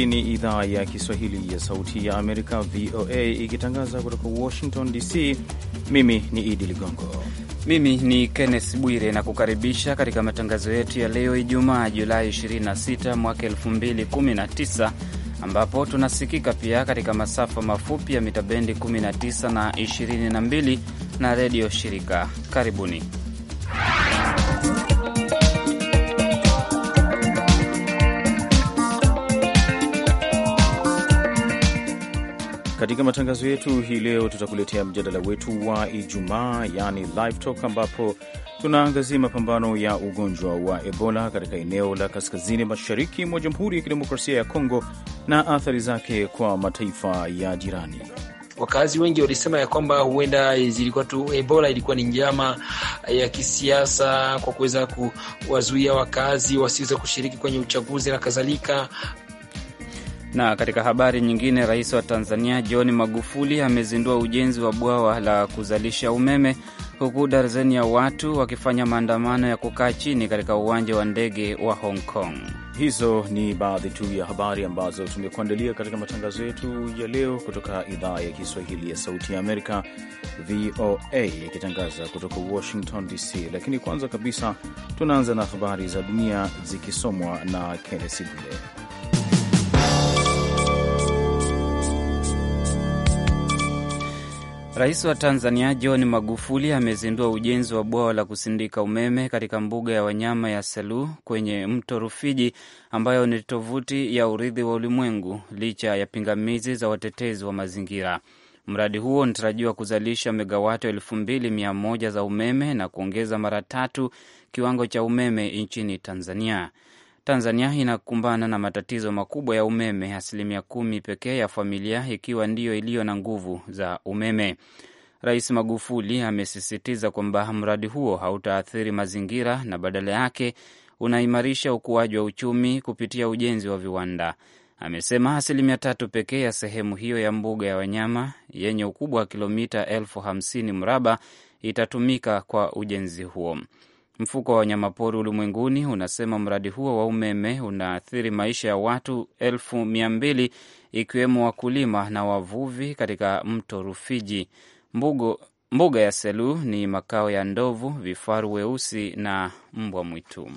Hii ni idhaa ya Kiswahili ya Sauti ya Amerika, VOA, ikitangaza kutoka Washington DC. Mimi ni Idi Ligongo, mimi ni Kenneth Bwire na kukaribisha katika matangazo yetu ya leo Ijumaa, Julai 26 mwaka 2019 ambapo tunasikika pia katika masafa mafupi ya mita bendi 19 na 22 na redio shirika. Karibuni. Katika matangazo yetu hii leo tutakuletea mjadala wetu wa Ijumaa, yani live talk, ambapo tunaangazia mapambano ya ugonjwa wa Ebola katika eneo la kaskazini mashariki mwa Jamhuri ya Kidemokrasia ya Kongo na athari zake kwa mataifa ya jirani. Wakazi wengi walisema ya kwamba huenda zilikuwa tu Ebola ilikuwa ni njama ya kisiasa kwa kuweza kuwazuia wakazi wasiweze kushiriki kwenye uchaguzi na kadhalika. Na katika habari nyingine, rais wa Tanzania John Magufuli amezindua ujenzi wa bwawa la kuzalisha umeme huku darzeni ya watu wakifanya maandamano ya kukaa chini katika uwanja wa ndege wa Hong Kong. Hizo ni baadhi tu ya habari ambazo tumekuandalia katika matangazo yetu ya leo kutoka idhaa ya Kiswahili ya Sauti ya Amerika, VOA, ikitangaza kutoka Washington DC. Lakini kwanza kabisa tunaanza na habari za dunia zikisomwa na Kennesi Bwire. Rais wa Tanzania John Magufuli amezindua ujenzi wa bwawa la kusindika umeme katika mbuga ya wanyama ya selu kwenye mto Rufiji, ambayo ni tovuti ya urithi wa ulimwengu, licha ya pingamizi za watetezi wa mazingira. Mradi huo unatarajiwa kuzalisha megawati elfu mbili mia moja za umeme na kuongeza mara tatu kiwango cha umeme nchini Tanzania. Tanzania inakumbana na matatizo makubwa ya umeme, asilimia kumi pekee ya familia ikiwa ndiyo iliyo na nguvu za umeme. Rais Magufuli amesisitiza kwamba mradi huo hautaathiri mazingira na badala yake unaimarisha ukuaji wa uchumi kupitia ujenzi wa viwanda. Amesema asilimia tatu pekee ya sehemu hiyo ya mbuga ya wanyama yenye ukubwa wa kilomita elfu hamsini mraba itatumika kwa ujenzi huo. Mfuko wa wanyamapori ulimwenguni unasema mradi huo wa umeme unaathiri maisha ya watu elfu mia mbili ikiwemo wakulima na wavuvi katika mto Rufiji. Mbugo, mbuga ya Selu ni makao ya ndovu, vifaru weusi na mbwa mwitu.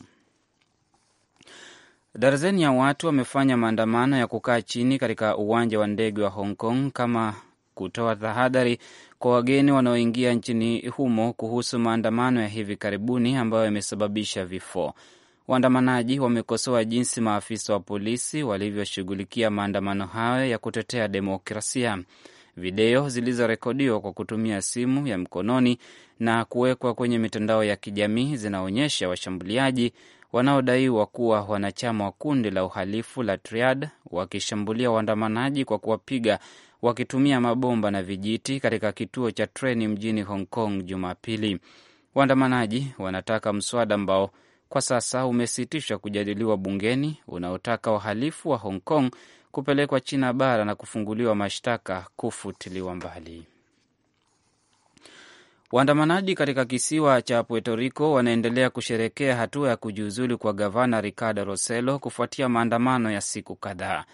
Darzeni ya watu wamefanya maandamano ya kukaa chini katika uwanja wa ndege wa Hong Kong kama kutoa tahadhari kwa wageni wanaoingia nchini humo kuhusu maandamano ya hivi karibuni ambayo yamesababisha vifo. Waandamanaji wamekosoa jinsi maafisa wa polisi walivyoshughulikia maandamano hayo ya kutetea demokrasia. Video zilizorekodiwa kwa kutumia simu ya mkononi na kuwekwa kwenye mitandao ya kijamii zinaonyesha washambuliaji wanaodaiwa kuwa wanachama wa kundi la uhalifu la Triad wakishambulia waandamanaji kwa kuwapiga wakitumia mabomba na vijiti katika kituo cha treni mjini Hong Kong Jumapili. Waandamanaji wanataka mswada ambao kwa sasa umesitishwa kujadiliwa bungeni unaotaka wahalifu wa Hong Kong kupelekwa China bara na kufunguliwa mashtaka kufutiliwa mbali. Waandamanaji katika kisiwa cha Puerto Rico wanaendelea kusherekea hatua ya kujiuzulu kwa gavana Ricardo roselo kufuatia maandamano ya siku kadhaa.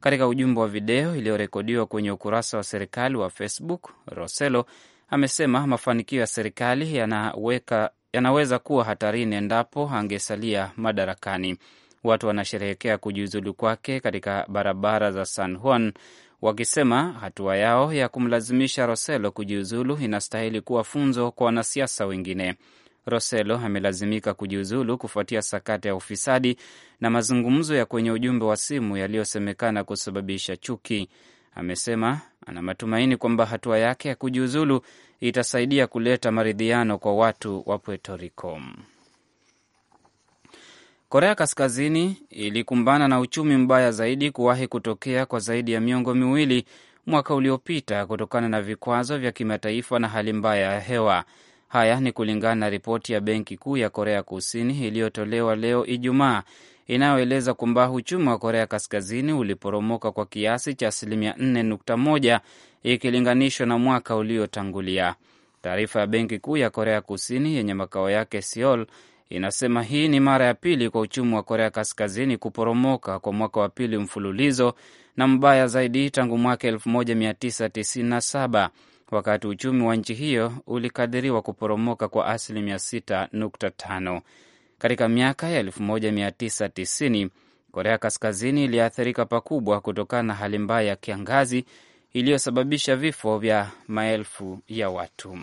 Katika ujumbe wa video iliyorekodiwa kwenye ukurasa wa serikali wa Facebook, Roselo amesema mafanikio ya serikali yanaweka yanaweza kuwa hatarini endapo angesalia madarakani. Watu wanasherehekea kujiuzulu kwake katika barabara za San Juan wakisema hatua yao ya kumlazimisha Roselo kujiuzulu inastahili kuwa funzo kwa wanasiasa wengine. Roselo amelazimika kujiuzulu kufuatia sakata ya ufisadi na mazungumzo ya kwenye ujumbe wa simu yaliyosemekana kusababisha chuki. Amesema ana matumaini kwamba hatua yake ya kujiuzulu itasaidia kuleta maridhiano kwa watu wa Puerto Rico. Korea Kaskazini ilikumbana na uchumi mbaya zaidi kuwahi kutokea kwa zaidi ya miongo miwili mwaka uliopita kutokana na vikwazo vya kimataifa na hali mbaya ya hewa. Haya ni kulingana na ripoti ya benki kuu ya Korea Kusini iliyotolewa leo Ijumaa, inayoeleza kwamba uchumi wa Korea Kaskazini uliporomoka kwa kiasi cha asilimia 4.1 ikilinganishwa na mwaka uliotangulia. Taarifa ya benki kuu ya Korea Kusini yenye makao yake Seoul inasema hii ni mara ya pili kwa uchumi wa Korea Kaskazini kuporomoka kwa mwaka wa pili mfululizo na mbaya zaidi tangu mwaka 1997 wakati uchumi wa nchi hiyo ulikadiriwa kuporomoka kwa asilimia 6.5 katika miaka ya 1990. Korea Kaskazini iliathirika pakubwa kutokana na hali mbaya ya kiangazi iliyosababisha vifo vya maelfu ya watu.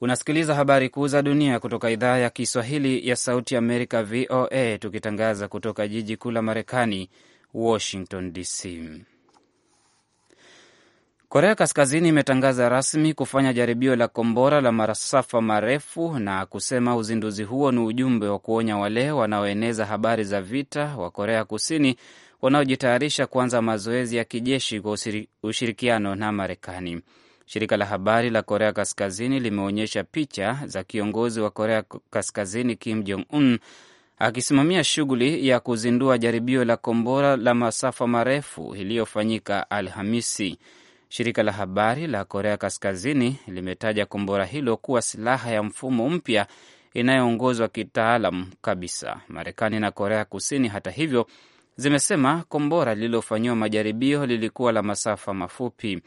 Unasikiliza habari kuu za dunia kutoka idhaa ya Kiswahili ya Sauti Amerika, VOA, tukitangaza kutoka jiji kuu la Marekani, Washington DC. Korea Kaskazini imetangaza rasmi kufanya jaribio la kombora la masafa marefu na kusema uzinduzi huo ni ujumbe wa kuonya wale wanaoeneza habari za vita wa Korea Kusini wanaojitayarisha kuanza mazoezi ya kijeshi kwa ushirikiano na Marekani. Shirika la habari la Korea Kaskazini limeonyesha picha za kiongozi wa Korea Kaskazini Kim Jong Un akisimamia shughuli ya kuzindua jaribio la kombora la masafa marefu iliyofanyika Alhamisi. Shirika la habari la Korea Kaskazini limetaja kombora hilo kuwa silaha ya mfumo mpya inayoongozwa kitaalam kabisa. Marekani na Korea Kusini, hata hivyo, zimesema kombora lililofanyiwa majaribio lilikuwa la masafa mafupi.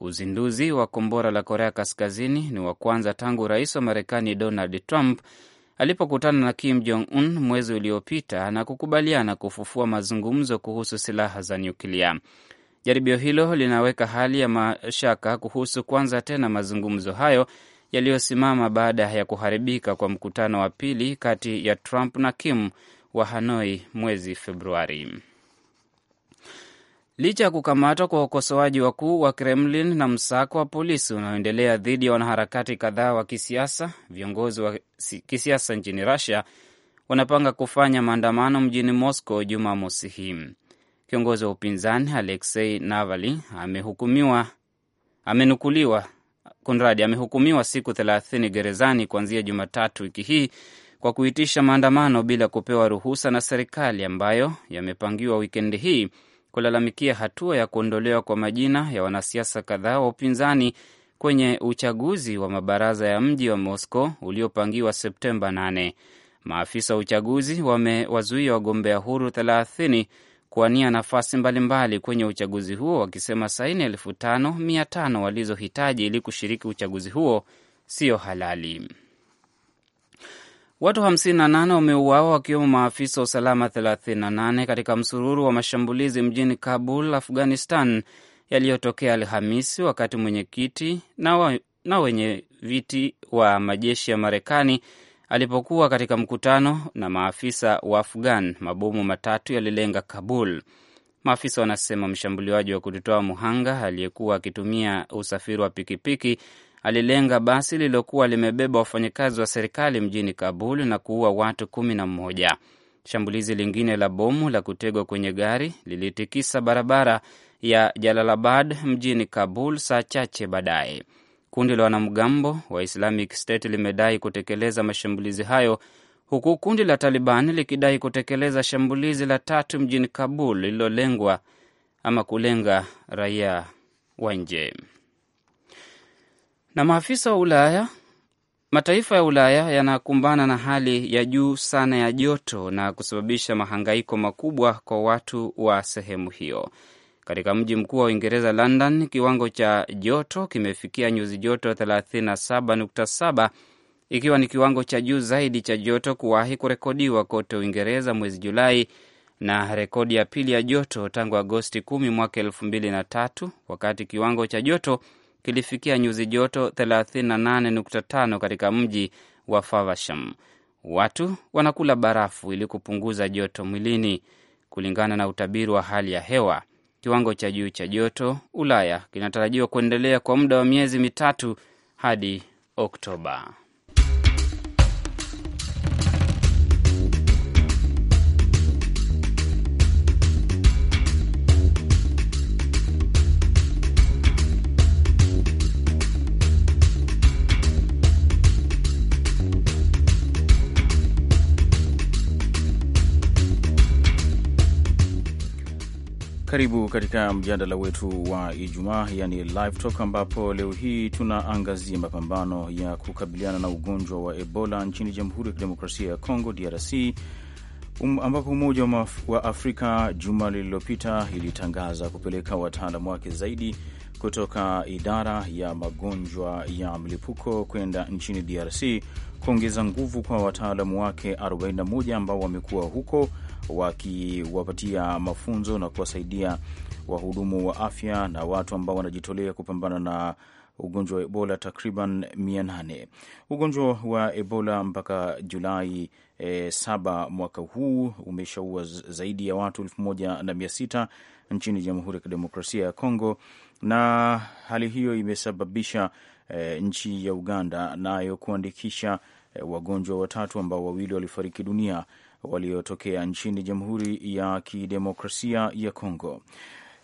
Uzinduzi wa kombora la Korea Kaskazini ni wa kwanza tangu rais wa Marekani Donald Trump alipokutana na Kim Jong Un mwezi uliopita na kukubaliana kufufua mazungumzo kuhusu silaha za nyuklia. Jaribio hilo linaweka hali ya mashaka kuhusu kuanza tena mazungumzo hayo yaliyosimama baada ya kuharibika kwa mkutano wa pili kati ya Trump na Kim wa Hanoi mwezi Februari. Licha ya kukamatwa kwa ukosoaji wakuu wa Kremlin na msako wa polisi unaoendelea dhidi ya wanaharakati kadhaa wa kisiasa, viongozi wa kisiasa nchini Russia wanapanga kufanya maandamano mjini Moscow Jumamosi hii. Kiongozi wa upinzani Alexei Navalny amehukumiwa, amenukuliwa kunradi, amehukumiwa siku thelathini gerezani kuanzia Jumatatu wiki hii kwa kuitisha maandamano bila kupewa ruhusa na serikali ambayo yamepangiwa wikendi hii kulalamikia hatua ya kuondolewa kwa majina ya wanasiasa kadhaa wa upinzani kwenye uchaguzi wa mabaraza ya mji wa Moscow uliopangiwa Septemba 8. Maafisa wa uchaguzi wamewazuia wagombea huru thelathini kuwania nafasi mbalimbali kwenye uchaguzi huo, wakisema saini elfu tano mia tano walizohitaji ili kushiriki uchaguzi huo sio halali. Watu 58 wameuawa wakiwemo maafisa wa usalama 38 katika msururu wa mashambulizi mjini Kabul, Afghanistan, yaliyotokea Alhamisi wakati mwenyekiti na, wa, na wenye viti wa majeshi ya Marekani alipokuwa katika mkutano na maafisa wa Afghan, mabomu matatu yalilenga Kabul. Maafisa wanasema mshambuliaji wa kujitoa muhanga aliyekuwa akitumia usafiri wa pikipiki alilenga basi lililokuwa limebeba wafanyakazi wa serikali mjini Kabul na kuua watu kumi na mmoja. Shambulizi lingine la bomu la kutegwa kwenye gari lilitikisa barabara ya Jalalabad mjini Kabul saa chache baadaye. Kundi la wanamgambo wa Islamic State limedai kutekeleza mashambulizi hayo huku kundi la Taliban likidai kutekeleza shambulizi la tatu mjini Kabul lililolengwa ama kulenga raia wa nje. Na maafisa wa Ulaya, mataifa ya Ulaya yanakumbana na hali ya juu sana ya joto na kusababisha mahangaiko makubwa kwa watu wa sehemu hiyo. Katika mji mkuu wa Uingereza, London, kiwango cha joto kimefikia nyuzi joto 37.7 ikiwa ni kiwango cha juu zaidi cha joto kuwahi kurekodiwa kote Uingereza mwezi Julai na rekodi ya pili ya joto tangu Agosti 10 mwaka e23 wakati kiwango cha joto kilifikia nyuzi joto 38.5 katika mji wa Faversham. Watu wanakula barafu ili kupunguza joto mwilini, kulingana na utabiri wa hali ya hewa. Kiwango cha juu cha joto Ulaya kinatarajiwa kuendelea kwa muda wa miezi mitatu hadi Oktoba. Karibu katika mjadala wetu wa Ijumaa, yani live talk, ambapo leo hii tunaangazia mapambano ya kukabiliana na ugonjwa wa Ebola nchini Jamhuri ya Kidemokrasia ya Kongo, DRC, um, ambapo Umoja wa Afrika juma lililopita ilitangaza kupeleka wataalamu wake zaidi kutoka idara ya magonjwa ya mlipuko kwenda nchini DRC kuongeza nguvu kwa wataalamu wake 41 ambao wamekuwa huko wakiwapatia mafunzo na kuwasaidia wahudumu wa afya na watu ambao wanajitolea kupambana na ugonjwa wa Ebola takriban mia nane. Ugonjwa wa Ebola mpaka Julai e, saba mwaka huu umeshaua zaidi ya watu elfu moja na mia sita nchini Jamhuri ya Kidemokrasia ya Kongo, na hali hiyo imesababisha e, nchi ya Uganda nayo na kuandikisha e, wagonjwa watatu ambao wawili walifariki dunia waliotokea nchini Jamhuri ya Kidemokrasia ya Kongo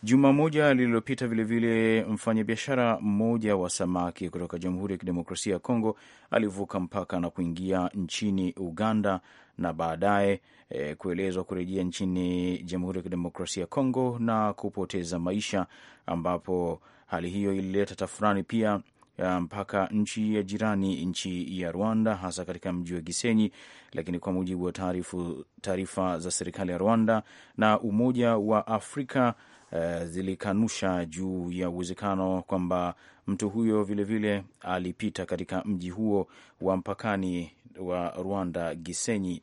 juma moja lililopita. Vilevile, mfanyabiashara mmoja wa samaki kutoka Jamhuri ya Kidemokrasia ya Kongo alivuka mpaka na kuingia nchini Uganda na baadaye e, kuelezwa kurejea nchini Jamhuri ya Kidemokrasia ya Kongo na kupoteza maisha, ambapo hali hiyo ilileta tafurani pia mpaka nchi ya jirani, nchi ya Rwanda, hasa katika mji wa Gisenyi. Lakini kwa mujibu wa taarifa za serikali ya Rwanda na Umoja wa Afrika uh, zilikanusha juu ya uwezekano kwamba mtu huyo vilevile vile alipita katika mji huo wa mpakani wa Rwanda, Gisenyi.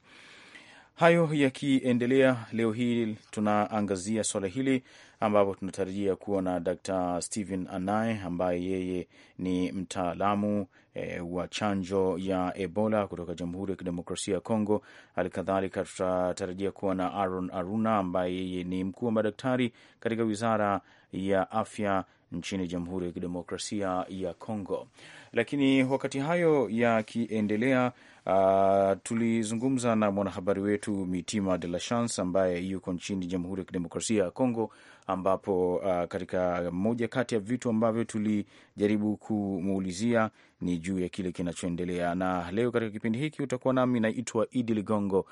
Hayo yakiendelea, leo hii tunaangazia swala hili ambapo tunatarajia kuona Dr. Stephen Anae ambaye yeye ni mtaalamu e, wa chanjo ya Ebola kutoka Jamhuri ya Kidemokrasia ya Kongo. Halikadhalika tutatarajia kuwa na Aaron Aruna ambaye yeye ni mkuu wa madaktari katika wizara ya afya nchini Jamhuri ya Kidemokrasia ya Kongo. Lakini wakati hayo yakiendelea, uh, tulizungumza na mwanahabari wetu Mitima De La Chance ambaye yuko nchini Jamhuri ya Kidemokrasia ya Kongo ambapo uh, katika moja kati ya vitu ambavyo tulijaribu kumuulizia ni juu ya kile kinachoendelea. Na leo katika kipindi hiki utakuwa nami, naitwa Idi Ligongo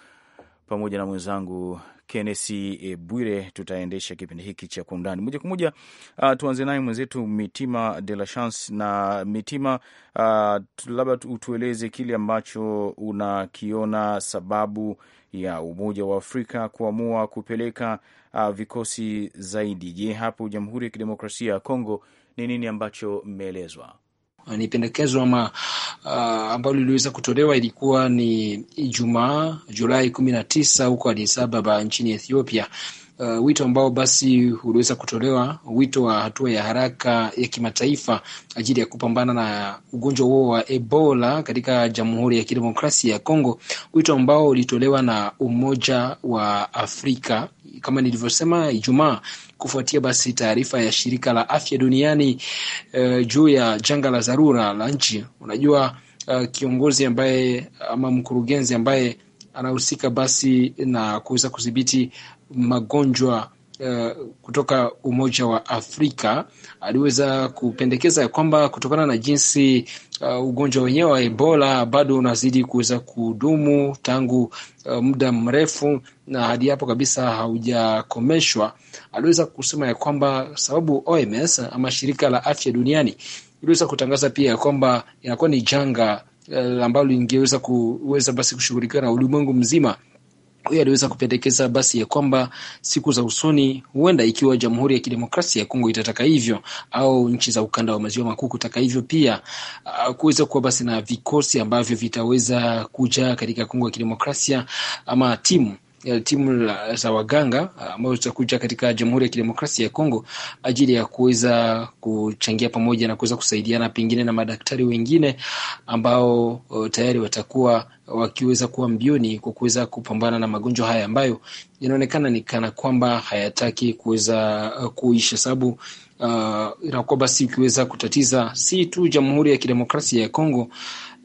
pamoja na mwenzangu Kenesi e, Bwire. Tutaendesha kipindi hiki cha kwa undani moja kwa moja. Uh, tuanze naye mwenzetu Mitima de la Chance. Na Mitima, uh, labda utueleze kile ambacho unakiona sababu ya Umoja wa Afrika kuamua kupeleka uh, vikosi zaidi. Je, hapo Jamhuri ya Kidemokrasia ya Kongo ni nini ambacho mmeelezwa? Ni pendekezo ama uh, ambalo liliweza kutolewa ilikuwa ni Ijumaa Julai kumi na tisa huko Adisababa nchini Ethiopia uh, wito ambao basi uliweza kutolewa, wito wa hatua ya haraka ya kimataifa ajili ya kupambana na ugonjwa huo wa Ebola katika Jamhuri ya Kidemokrasia ya Kongo, wito ambao ulitolewa na Umoja wa Afrika kama nilivyosema Ijumaa, kufuatia basi taarifa ya shirika la afya duniani uh, juu ya janga la dharura la nchi. Unajua uh, kiongozi ambaye ama mkurugenzi ambaye anahusika basi na kuweza kudhibiti magonjwa Uh, kutoka Umoja wa Afrika aliweza kupendekeza ya kwamba kutokana na jinsi uh, ugonjwa wenyewe wa Ebola bado unazidi kuweza kudumu tangu uh, muda mrefu na hadi hapo kabisa haujakomeshwa, aliweza kusema ya kwamba sababu OMS ama shirika la afya duniani iliweza kutangaza pia ya kwamba inakuwa ni janga uh, ambalo lingeweza kuweza basi kushughulikiwa na ulimwengu mzima huyo aliweza kupendekeza basi ya kwamba siku za usoni huenda ikiwa Jamhuri ya Kidemokrasia ya Kongo itataka hivyo au nchi za ukanda wa maziwa makuu kutaka hivyo pia, uh, kuweza kuwa basi na vikosi ambavyo vitaweza kuja katika Kongo ya Kidemokrasia ama timu timu za waganga ah, ambazo zitakuja katika Jamhuri ya Kidemokrasia ya Kongo ajili ya kuweza kuchangia pamoja na kuweza kusaidiana pengine na madaktari wengine ambao tayari watakuwa wakiweza kuwa mbioni kwa kuweza kupambana na magonjwa haya ambayo inaonekana ni kana kwamba hayataki kuweza ah, kuisha, sababu uh, ah, inakuwa basi ukiweza kutatiza si tu Jamhuri ya Kidemokrasia ya Kongo,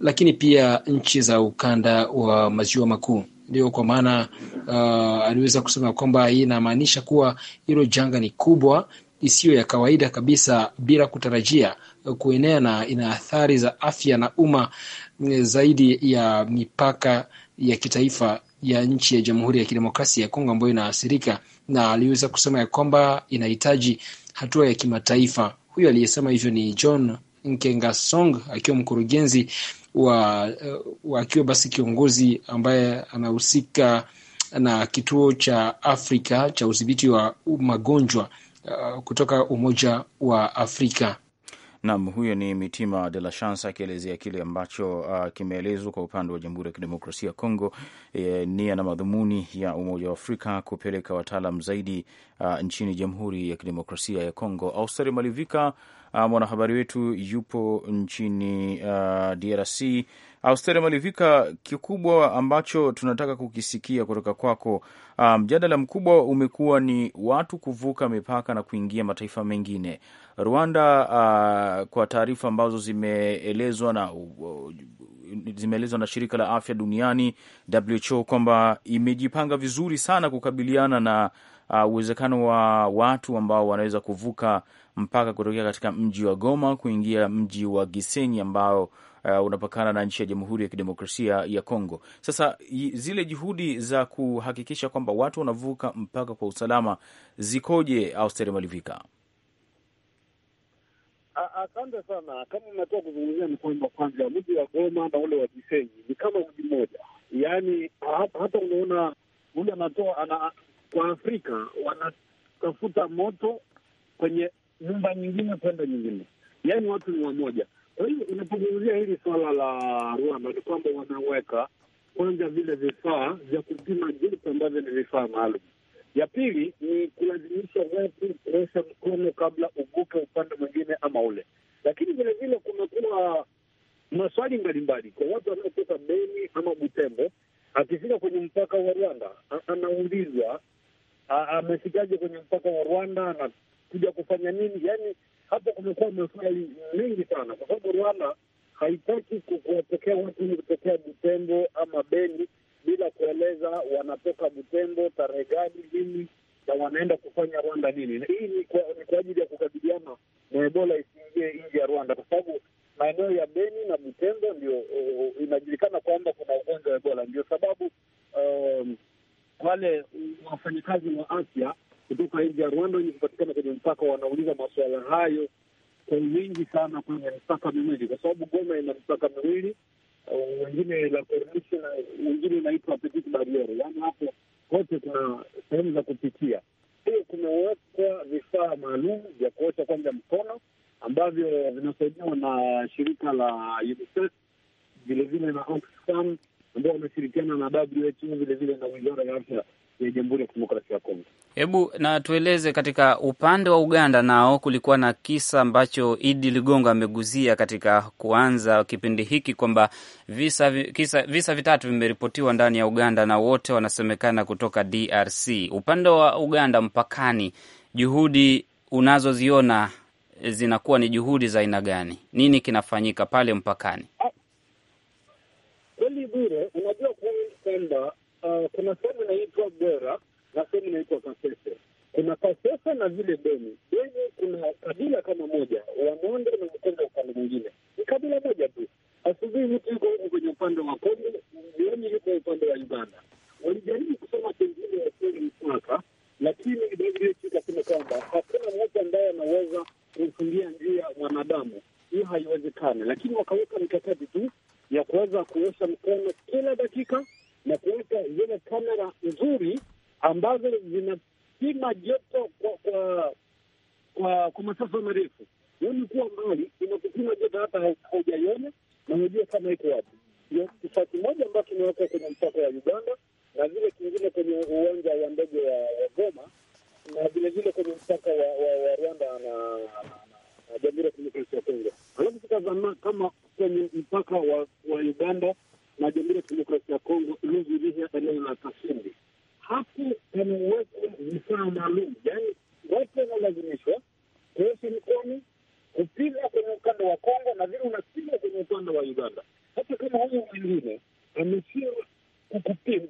lakini pia nchi za ukanda wa maziwa makuu. Ndio kwa maana uh, aliweza kusema kwamba hii inamaanisha kuwa hilo janga ni kubwa isiyo ya kawaida kabisa bila kutarajia kuenea na ina athari za afya na umma mm, zaidi ya mipaka ya kitaifa ya nchi ya Jamhuri ya Kidemokrasia ya Kongo ambayo inaathirika, na aliweza kusema ya kwamba inahitaji hatua ya kimataifa. Huyo aliyesema hivyo ni John Nkengasong akiwa mkurugenzi wa akiwa basi kiongozi ambaye anahusika na kituo cha Afrika cha udhibiti wa magonjwa uh, kutoka Umoja wa Afrika. Nam, huyo ni Mitima de la Chance akielezea kile ambacho uh, kimeelezwa kwa upande wa Jamhuri ya Kidemokrasia ya Kongo, e, nia na madhumuni ya Umoja wa Afrika kupeleka wataalam zaidi uh, nchini Jamhuri ya Kidemokrasia ya Kongo. Austeri Malivika Ah, mwanahabari wetu yupo nchini uh, ah, DRC. Austeri Malivika, kikubwa ambacho tunataka kukisikia kutoka kwako, ah, mjadala um, mkubwa umekuwa ni watu kuvuka mipaka na kuingia mataifa mengine. Rwanda uh, kwa taarifa ambazo zimeelezwa na uh, zimeelezwa na shirika la afya duniani WHO kwamba imejipanga vizuri sana kukabiliana na uwezekano uh, wa watu ambao wanaweza kuvuka mpaka kutokea katika mji wa Goma kuingia mji wa Gisenyi ambao Uh, unapakana na nchi ya Jamhuri ya Kidemokrasia ya Kongo. Sasa zile juhudi za kuhakikisha kwamba watu wanavuka mpaka kwa usalama zikoje, Austeri Malivika? Asante sana. Kama umetoka kuzungumzia, ni kwamba kwanza mji wa Goma na ule wa Gisenyi ni kama mji mmoja, yaani hata unaona ule anatoa ana, kwa Afrika wanatafuta moto kwenye nyumba nyingine kwenda nyingine, yaani watu ni wamoja. Kwa hiyo unapozungumzia hili swala la Rwanda ni kwamba wameweka kwanza vile vifaa vya kupima joto ambavyo ni vifaa maalum. Ya pili ni kulazimisha watu kuosha mkono kabla uvuke upande mwingine ama ule, lakini vilevile kumekuwa maswali mbalimbali kwa watu wanaotoka Beni ama Butembo, akifika kwenye mpaka wa Rwanda anaulizwa amefikaje kwenye mpaka wa Rwanda, na kuja kufanya nini? Yani hapo kumekuwa maswali mengi sana, kwa sababu Rwanda haitaki kuwapokea watu kutokea Butembo ama Beni bila kueleza wanatoka Butembo tarehe gani, lini na wanaenda kufanya Rwanda nini. Na hii ni kwa, ni kwa ajili ya kukabiliana na Ebola isiingie nje ya Rwanda, kwa sababu maeneo ya Beni na Butembo ndio uh, inajulikana kwamba kuna ugonjwa wa Ebola. Ndio sababu um, wale wafanyakazi wa afya kutoka nchi ya Rwanda wenye kupatikana kwenye mpaka wanauliza masuala hayo kwa wingi sana kwenye mipaka miwili, kwa sababu Goma ina mipaka miwili, uh, wengine la Corniche wengine inaitwa Petite Barriere, yaani hapo kote kuna sehemu za kupitia. Hiyo kumewekwa vifaa maalum vya kuosha kwanza mkono ambavyo vinasaidiwa na shirika la UNICEF vilevile na Oxfam ambao wanashirikiana na WHO vilevile na wizara ya afya ya Jamhuri ya Kidemokrasia ya Kongo. Hebu na tueleze, katika upande wa Uganda nao kulikuwa na kisa ambacho Idi Ligongo ameguzia katika kuanza kipindi hiki kwamba visa, visa vitatu vimeripotiwa ndani ya Uganda na wote wanasemekana kutoka DRC. Upande wa Uganda mpakani, juhudi unazoziona zinakuwa ni juhudi za aina gani? Nini kinafanyika pale mpakani? Ah, kweli unajua kwamba Eh, kuna sehemu inaitwa Bwera na sehemu inaitwa Kasese. Kuna Kasese na vile Beni. Beni kuna kabila kama moja, Wamonde na Wakonde upande mwingine, ni kabila moja tu. Asubuhi mtu yuko huku kwenye upande wa Kongo, jioni yuko upande wa Uganda. Walijaribu kusema pengine wafunge mpaka, lakini ikasema kwamba hakuna mtu ambaye anaweza kumfungia njia mwanadamu, hiyo haiwezekani. Lakini wakaweka mikakati tu ya kuweza kuosha mkono kila dakika na kuweka zile kamera nzuri ambazo zinapima joto kwa kwa kwa masafa marefu, yaani kuwa mbali inakupima joto hata haujaiona na unajua kama iko wapi. Kifaa kimoja ambayo kimewekwa kwenye mpaka wa Uganda na vile kingine kwenye uwanja wa ndege wa Goma na vilevile kwenye mpaka wa Rwanda na Jamhuri ya Kidemokrasia ya Kongo, alafu tukazama kama kwenye mpaka wa Uganda na Jamhuri ya Kidemokrasia ya Kongo luzuria eneo la Kasindi. Hapo pamewekwa vifaa maalum, yaani watu wanalazimishwa kuoshi mikono, kupima kwenye ukanda wa Kongo na vile unapima kwenye ukanda wa Uganda. Hata kama huyo mwingine ameshindwa kukupima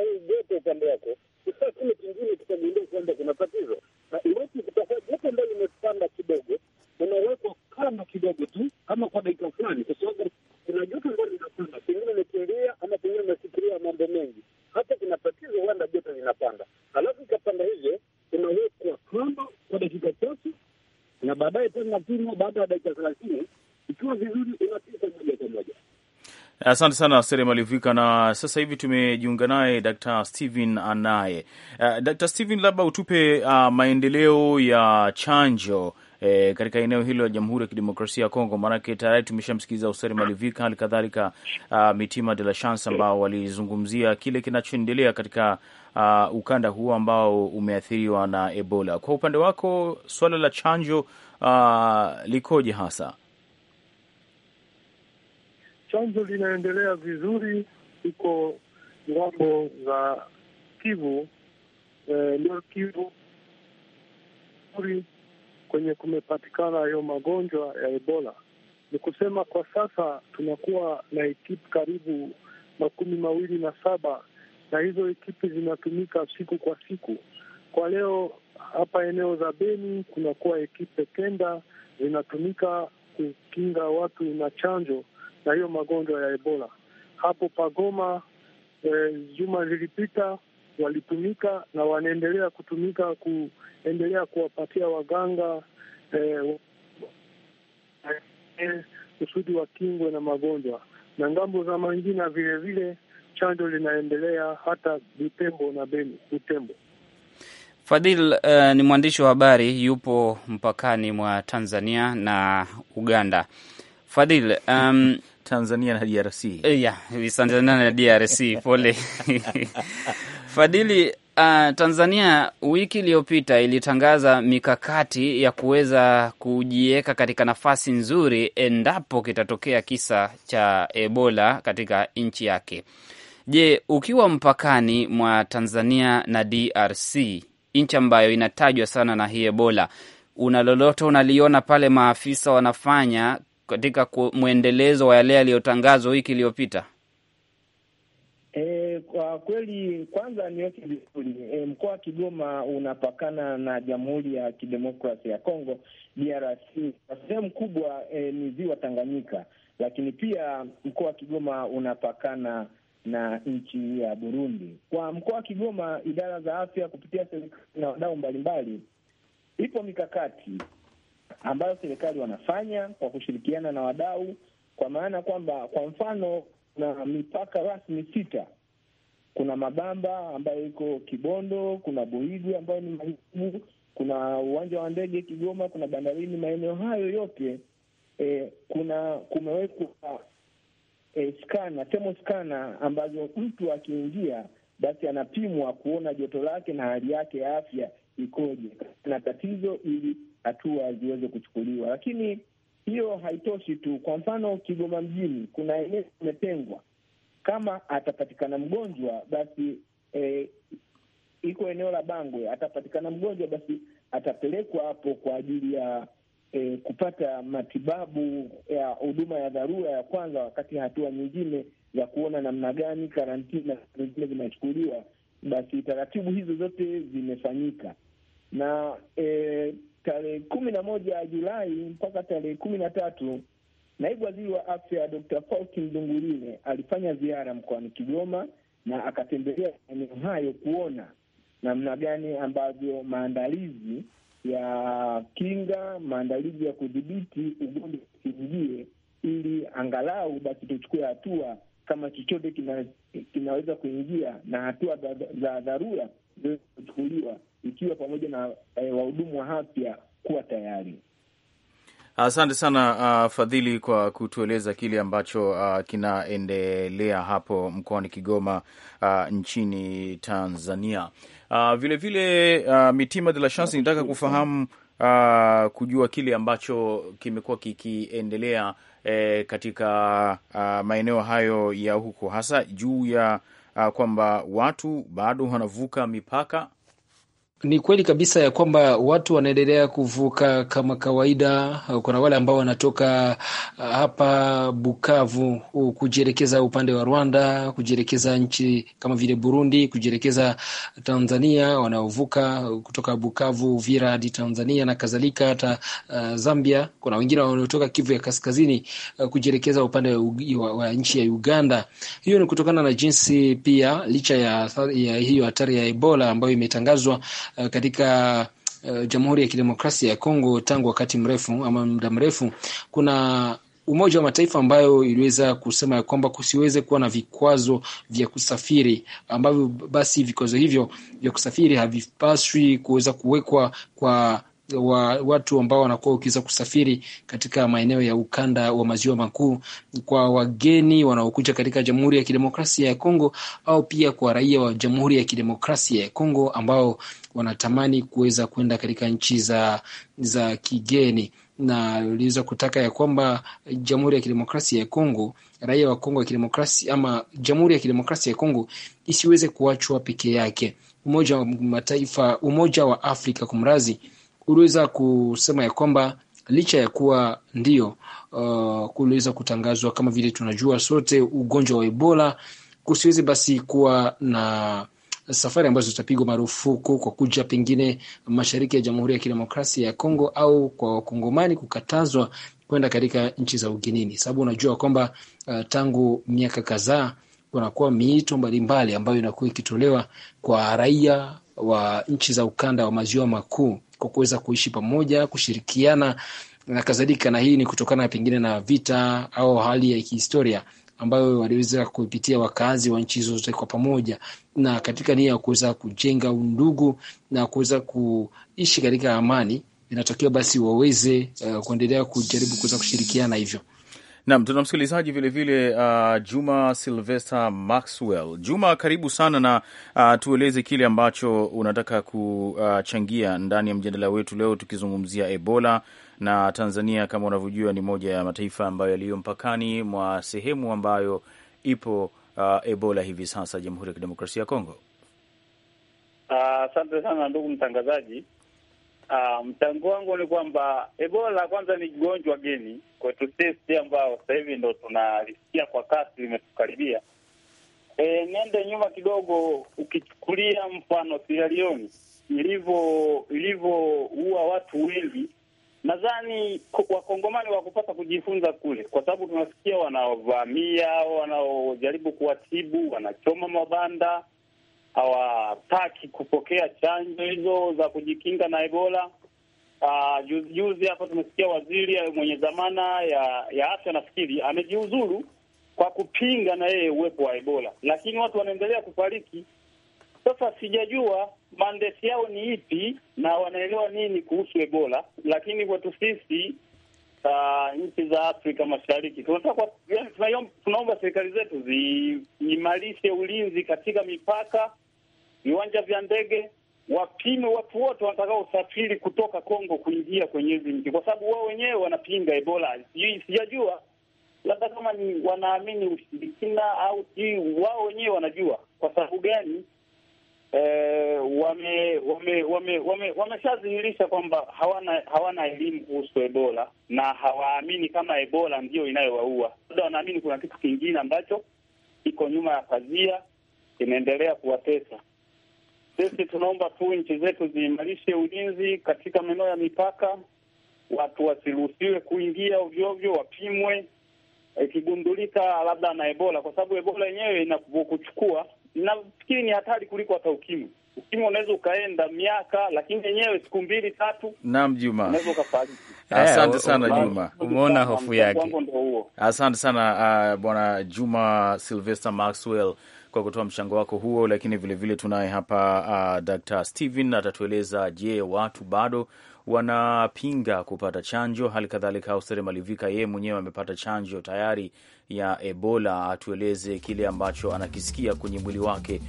hiyo joto upande wako, sasa kile kingine kitagundua kwamba kuna tatizo, na iwapo kutakuwa joto ambayo limepanda kidogo unawekwa kando kidogo tu, kama kwa dakika fulani, kwa sababu kuna joto ambalo linapanda, pengine umekimbia ama pengine umefikiria mambo mengi, hata kuna tatizo, huenda joto linapanda, halafu ikapanda hivyo, unawekwa kando kwa dakika tatu, na baadaye tena napimwa baada ya dakika thelathini, ikiwa vizuri unapita moja kwa moja. Asante sana Sere Malivika. Na sasa hivi tumejiunga naye Dr stehen Anaye. Uh, Dr labda utupe uh, maendeleo ya chanjo e, katika eneo hilo la Jamhuri ya Kidemokrasia ya Kongo? Maanake tayari tumeshamsikiliza ustari Malivika, hali kadhalika Mitima de la Chance ambao walizungumzia kile kinachoendelea katika a, ukanda huo ambao umeathiriwa na Ebola. Kwa upande wako swala la chanjo a, likoje hasa? Chanjo linaendelea vizuri, iko ngambo za Kivu, eh, Kivu kwenye kumepatikana hayo magonjwa ya Ebola. Ni kusema kwa sasa tunakuwa na ekipi karibu makumi mawili na saba na hizo ekipi zinatumika siku kwa siku. Kwa leo hapa eneo za Beni kunakuwa ekipe kenda zinatumika kukinga watu na chanjo na hiyo magonjwa ya Ebola. Hapo Pagoma eh, juma e, zilipita walitumika na wanaendelea kutumika kuendelea kuwapatia waganga eh, wakingwe na magonjwa na ngambo za Mangina. Vile vile chanjo linaendelea hata Butembo na Beni. Butembo Fadhil uh, ni mwandishi wa habari yupo mpakani mwa Tanzania na Uganda. Fadhil, um, Tanzania na DRC, yeah, Tanzania na DRC pole Fadhili, uh, Tanzania wiki iliyopita ilitangaza mikakati ya kuweza kujiweka katika nafasi nzuri endapo kitatokea kisa cha Ebola katika nchi yake. Je, ukiwa mpakani mwa Tanzania na DRC, nchi ambayo inatajwa sana na hii Ebola, una lolote unaliona pale maafisa wanafanya katika mwendelezo wa yale yaliyotangazwa wiki iliyopita? E, kwa kweli kwanza niweke vizuri e, mkoa wa Kigoma unapakana na Jamhuri ya Kidemokrasia ya Kongo DRC kwa sehemu kubwa e, ni ziwa Tanganyika, lakini pia mkoa wa Kigoma unapakana na nchi ya Burundi. Kwa mkoa wa Kigoma, idara za afya kupitia serikali na wadau mbalimbali, ipo mikakati ambayo serikali wanafanya kwa kushirikiana na wadau, kwa maana kwamba kwa mfano na mipaka rasmi sita kuna Mabamba ambayo iko Kibondo, kuna Buhigwe ambayo ni mahibu kuna uwanja wa ndege Kigoma, kuna bandarini. Maeneo hayo yote e, kuna kumewekwa e, skana, skana ambazo mtu akiingia basi anapimwa kuona joto lake na hali yake ya afya ikoje na tatizo, ili hatua ziweze kuchukuliwa. Lakini hiyo haitoshi tu. Kwa mfano, Kigoma mjini kuna eneo limetengwa kama atapatikana mgonjwa basi eh, iko eneo la Bangwe, atapatikana mgonjwa basi atapelekwa hapo kwa ajili ya eh, kupata matibabu ya huduma ya dharura ya kwanza, wakati hatua nyingine za kuona namna gani na zingine zinachukuliwa. Basi taratibu hizo zote zimefanyika na eh, tarehe kumi na moja Julai mpaka tarehe kumi na tatu Naibu waziri wa afya Dr. Faustin Ndungulile alifanya ziara mkoani Kigoma na akatembelea maeneo hayo kuona namna gani ambavyo maandalizi ya kinga, maandalizi ya kudhibiti ugonjwa usiingie, ili angalau basi tuchukue hatua kama chochote kina, kinaweza kuingia na hatua za dharura ziweze kuchukuliwa, ikiwa pamoja na e, wahudumu wa afya kuwa tayari. Asante sana uh, Fadhili, kwa kutueleza kile ambacho uh, kinaendelea hapo mkoani Kigoma uh, nchini Tanzania. Vilevile uh, vile, uh, Mitima de la Chance, nitaka kufahamu uh, kujua kile ambacho kimekuwa kikiendelea eh, katika uh, maeneo hayo ya huko hasa juu ya uh, kwamba watu bado wanavuka mipaka ni kweli kabisa ya kwamba watu wanaendelea kuvuka kama kawaida. Kuna wale ambao wanatoka uh, hapa Bukavu kujielekeza upande wa Rwanda, kujielekeza nchi kama vile Burundi, kujielekeza Tanzania, wanaovuka kutoka Bukavu, Uvira hadi Tanzania na kadhalika, hata uh, Zambia. Kuna wengine wanaotoka Kivu ya Kaskazini uh, kujielekeza upande wa, wa, wa nchi ya Uganda. Hiyo ni kutokana na jinsi pia, licha ya, ya hiyo hatari ya Ebola ambayo imetangazwa uh, katika uh, Jamhuri ya Kidemokrasia ya Kongo tangu wakati mrefu ama muda mrefu. Kuna Umoja wa Mataifa ambayo iliweza kusema ya kwamba kusiweze kuwa na vikwazo vya kusafiri, ambavyo basi vikwazo hivyo vya kusafiri havipaswi kuweza kuwekwa kwa wa watu ambao wanakuwa ukiweza kusafiri katika maeneo ya ukanda wa maziwa makuu, kwa wageni wanaokuja katika Jamhuri ya Kidemokrasia ya Kongo au pia kwa raia wa Jamhuri ya Kidemokrasia ya Kongo ambao wanatamani kuweza kwenda katika nchi za, za kigeni na liweza kutaka ya kwamba Jamhuri ya Kidemokrasia ya Kongo, raia wa Kongo ya Kidemokrasia ama Jamhuri ya Kidemokrasia ya Kongo isiweze kuachwa peke yake. Umoja wa Mataifa, Umoja wa Afrika kumrazi, uliweza kusema ya kwamba licha ya kuwa ndio uh, kuliweza kutangazwa kama vile tunajua sote ugonjwa wa Ebola, kusiwezi basi kuwa na safari ambazo zitapigwa marufuku kwa kuja pengine mashariki ya Jamhuri ya Kidemokrasia ya Kongo au kwa wakongomani kukatazwa kwenda katika nchi za ugenini, sababu unajua kwamba uh, tangu miaka kadhaa kunakuwa miito mbalimbali ambayo inakuwa ikitolewa kwa raia wa nchi za ukanda wa maziwa makuu kwa kuweza kuishi pamoja, kushirikiana na kadhalika, na hii ni kutokana pengine na vita au hali ya kihistoria ambayo waliweza kuipitia wakazi wa nchi zote kwa pamoja, na katika nia ya kuweza kujenga undugu na kuweza kuishi katika amani, inatokiwa basi waweze uh, kuendelea kujaribu kuweza kushirikiana hivyo. Nam, tuna msikilizaji vilevile uh, Juma Silvester Maxwell. Juma, karibu sana na uh, tueleze kile ambacho unataka kuchangia uh, ndani ya mjadala wetu leo tukizungumzia Ebola na Tanzania kama unavyojua ni moja ya mataifa ambayo yaliyo mpakani mwa sehemu ambayo ipo uh, Ebola hivi sasa, Jamhuri ya Kidemokrasia ya Kongo. Uh, asante uh, sana ndugu mtangazaji. Uh, mchango wangu ni kwamba Ebola kwanza ni gonjwa geni kwetu sisi ambao sasa hivi ndo tunalisikia kwa kasi limetukaribia. E, nende nyuma kidogo, ukichukulia mfano Sierra Leone ilivyo ilivyoua watu wengi nadhani wakongomani kupata kujifunza kule, kwa sababu tunasikia wanaovamia, wanaojaribu kuwatibu, wanachoma mabanda, hawataki kupokea chanjo hizo za kujikinga na Ebola. Uh, juzi juzi hapa tumesikia waziri mwenye dhamana ya, ya afya nafikiri amejiuzulu kwa kupinga na yeye uwepo wa Ebola, lakini watu wanaendelea kufariki. Sasa sijajua mandesi yao ni ipi na wanaelewa nini kuhusu Ebola. Lakini kwetu sisi uh, nchi za Afrika Mashariki tunaomba serikali zetu ziimarishe ulinzi katika mipaka, viwanja vya ndege wapime watu wote watakao usafiri kutoka Kongo kuingia kwenye hizi nchi, kwa sababu wao wenyewe wanapinga Ebola. sijajua labda kama ni wanaamini ushirikina au wao wenyewe wanajua kwa sababu gani wame wame wame wame kwamba hawana hawana elimu kuhusu Ebola na hawaamini kama Ebola ndiyo inayowaua. Labda wanaamini kuna kitu kingine ambacho iko nyuma ya pazia inaendelea kuwatesa. Sisi tunaomba tu nchi zetu ziimarishe ulinzi katika maeneo ya mipaka, watu wasiruhusiwe kuingia ovyoovyo, wapimwe ikigundulika labda na Ebola, kwa sababu Ebola yenyewe inakuchukua, nafikiri ni hatari kuliko hata ukimwi ukimwi unaweza ukaenda miaka, lakini yenyewe siku mbili tatu. Naam, Juma, unaweza eh, Asante sana Juma, umeona hofu yake. Asante sana uh, bwana Juma Sylvester Maxwell kwa kutoa mchango wako huo. Lakini vilevile tunaye hapa uh, Dr. Steven atatueleza, je, watu bado wanapinga kupata chanjo? Hali kadhalika Austere Malivika yeye mwenyewe amepata chanjo tayari ya Ebola, atueleze kile ambacho anakisikia kwenye mwili wake.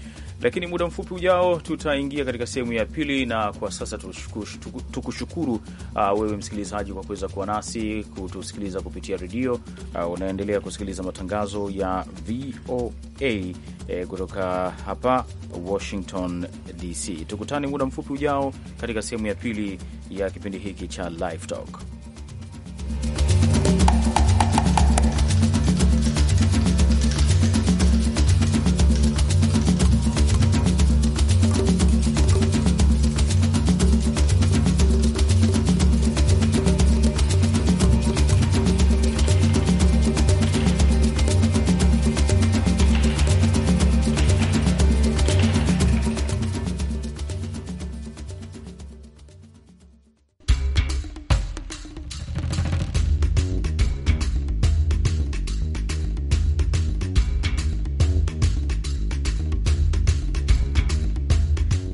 Lakini muda mfupi ujao tutaingia katika sehemu ya pili, na kwa sasa tukushukuru uh, wewe msikilizaji kwa kuweza kuwa nasi kutusikiliza kupitia redio. Uh, unaendelea kusikiliza matangazo ya VOA eh, kutoka hapa Washington DC. Tukutane muda mfupi ujao katika sehemu ya pili ya kipindi hiki cha Live Talk.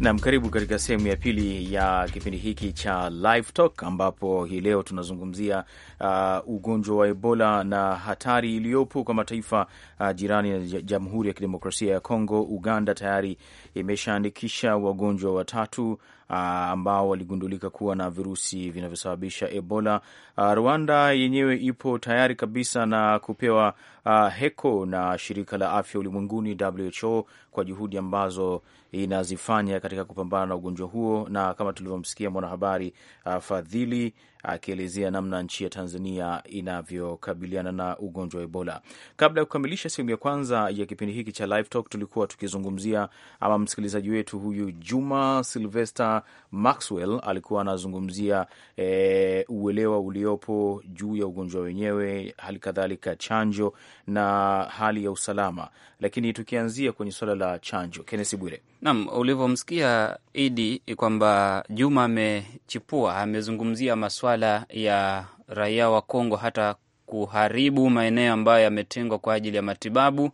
Nam, karibu katika sehemu ya pili ya kipindi hiki cha Live Talk ambapo hii leo tunazungumzia uh, ugonjwa wa Ebola na hatari iliyopo kwa mataifa uh, jirani ya Jamhuri ya Kidemokrasia ya Kongo. Uganda tayari imeshaandikisha wagonjwa watatu uh, ambao waligundulika kuwa na virusi vinavyosababisha Ebola. Uh, Rwanda yenyewe ipo tayari kabisa na kupewa uh, heko na shirika la afya ulimwenguni WHO kwa juhudi ambazo inazifanya katika kupambana na ugonjwa huo, na kama tulivyomsikia mwanahabari uh, Fadhili akielezea namna nchi ya Tanzania inavyokabiliana na ugonjwa wa Ebola. Kabla ya kukamilisha sehemu ya kwanza ya kipindi hiki cha Live Talk, tulikuwa tukizungumzia ama msikilizaji wetu huyu Juma Silvester Maxwell alikuwa anazungumzia e, uelewa uliopo juu ya ugonjwa wenyewe, hali kadhalika chanjo na hali ya usalama, lakini tukianzia kwenye suala la chanjo, Kenneth Bwire. Naam, ulivyomsikia Idi kwamba Juma amechipua, amezungumzia maswala masuala ya raia wa Kongo, hata kuharibu maeneo ambayo yametengwa kwa ajili ya matibabu,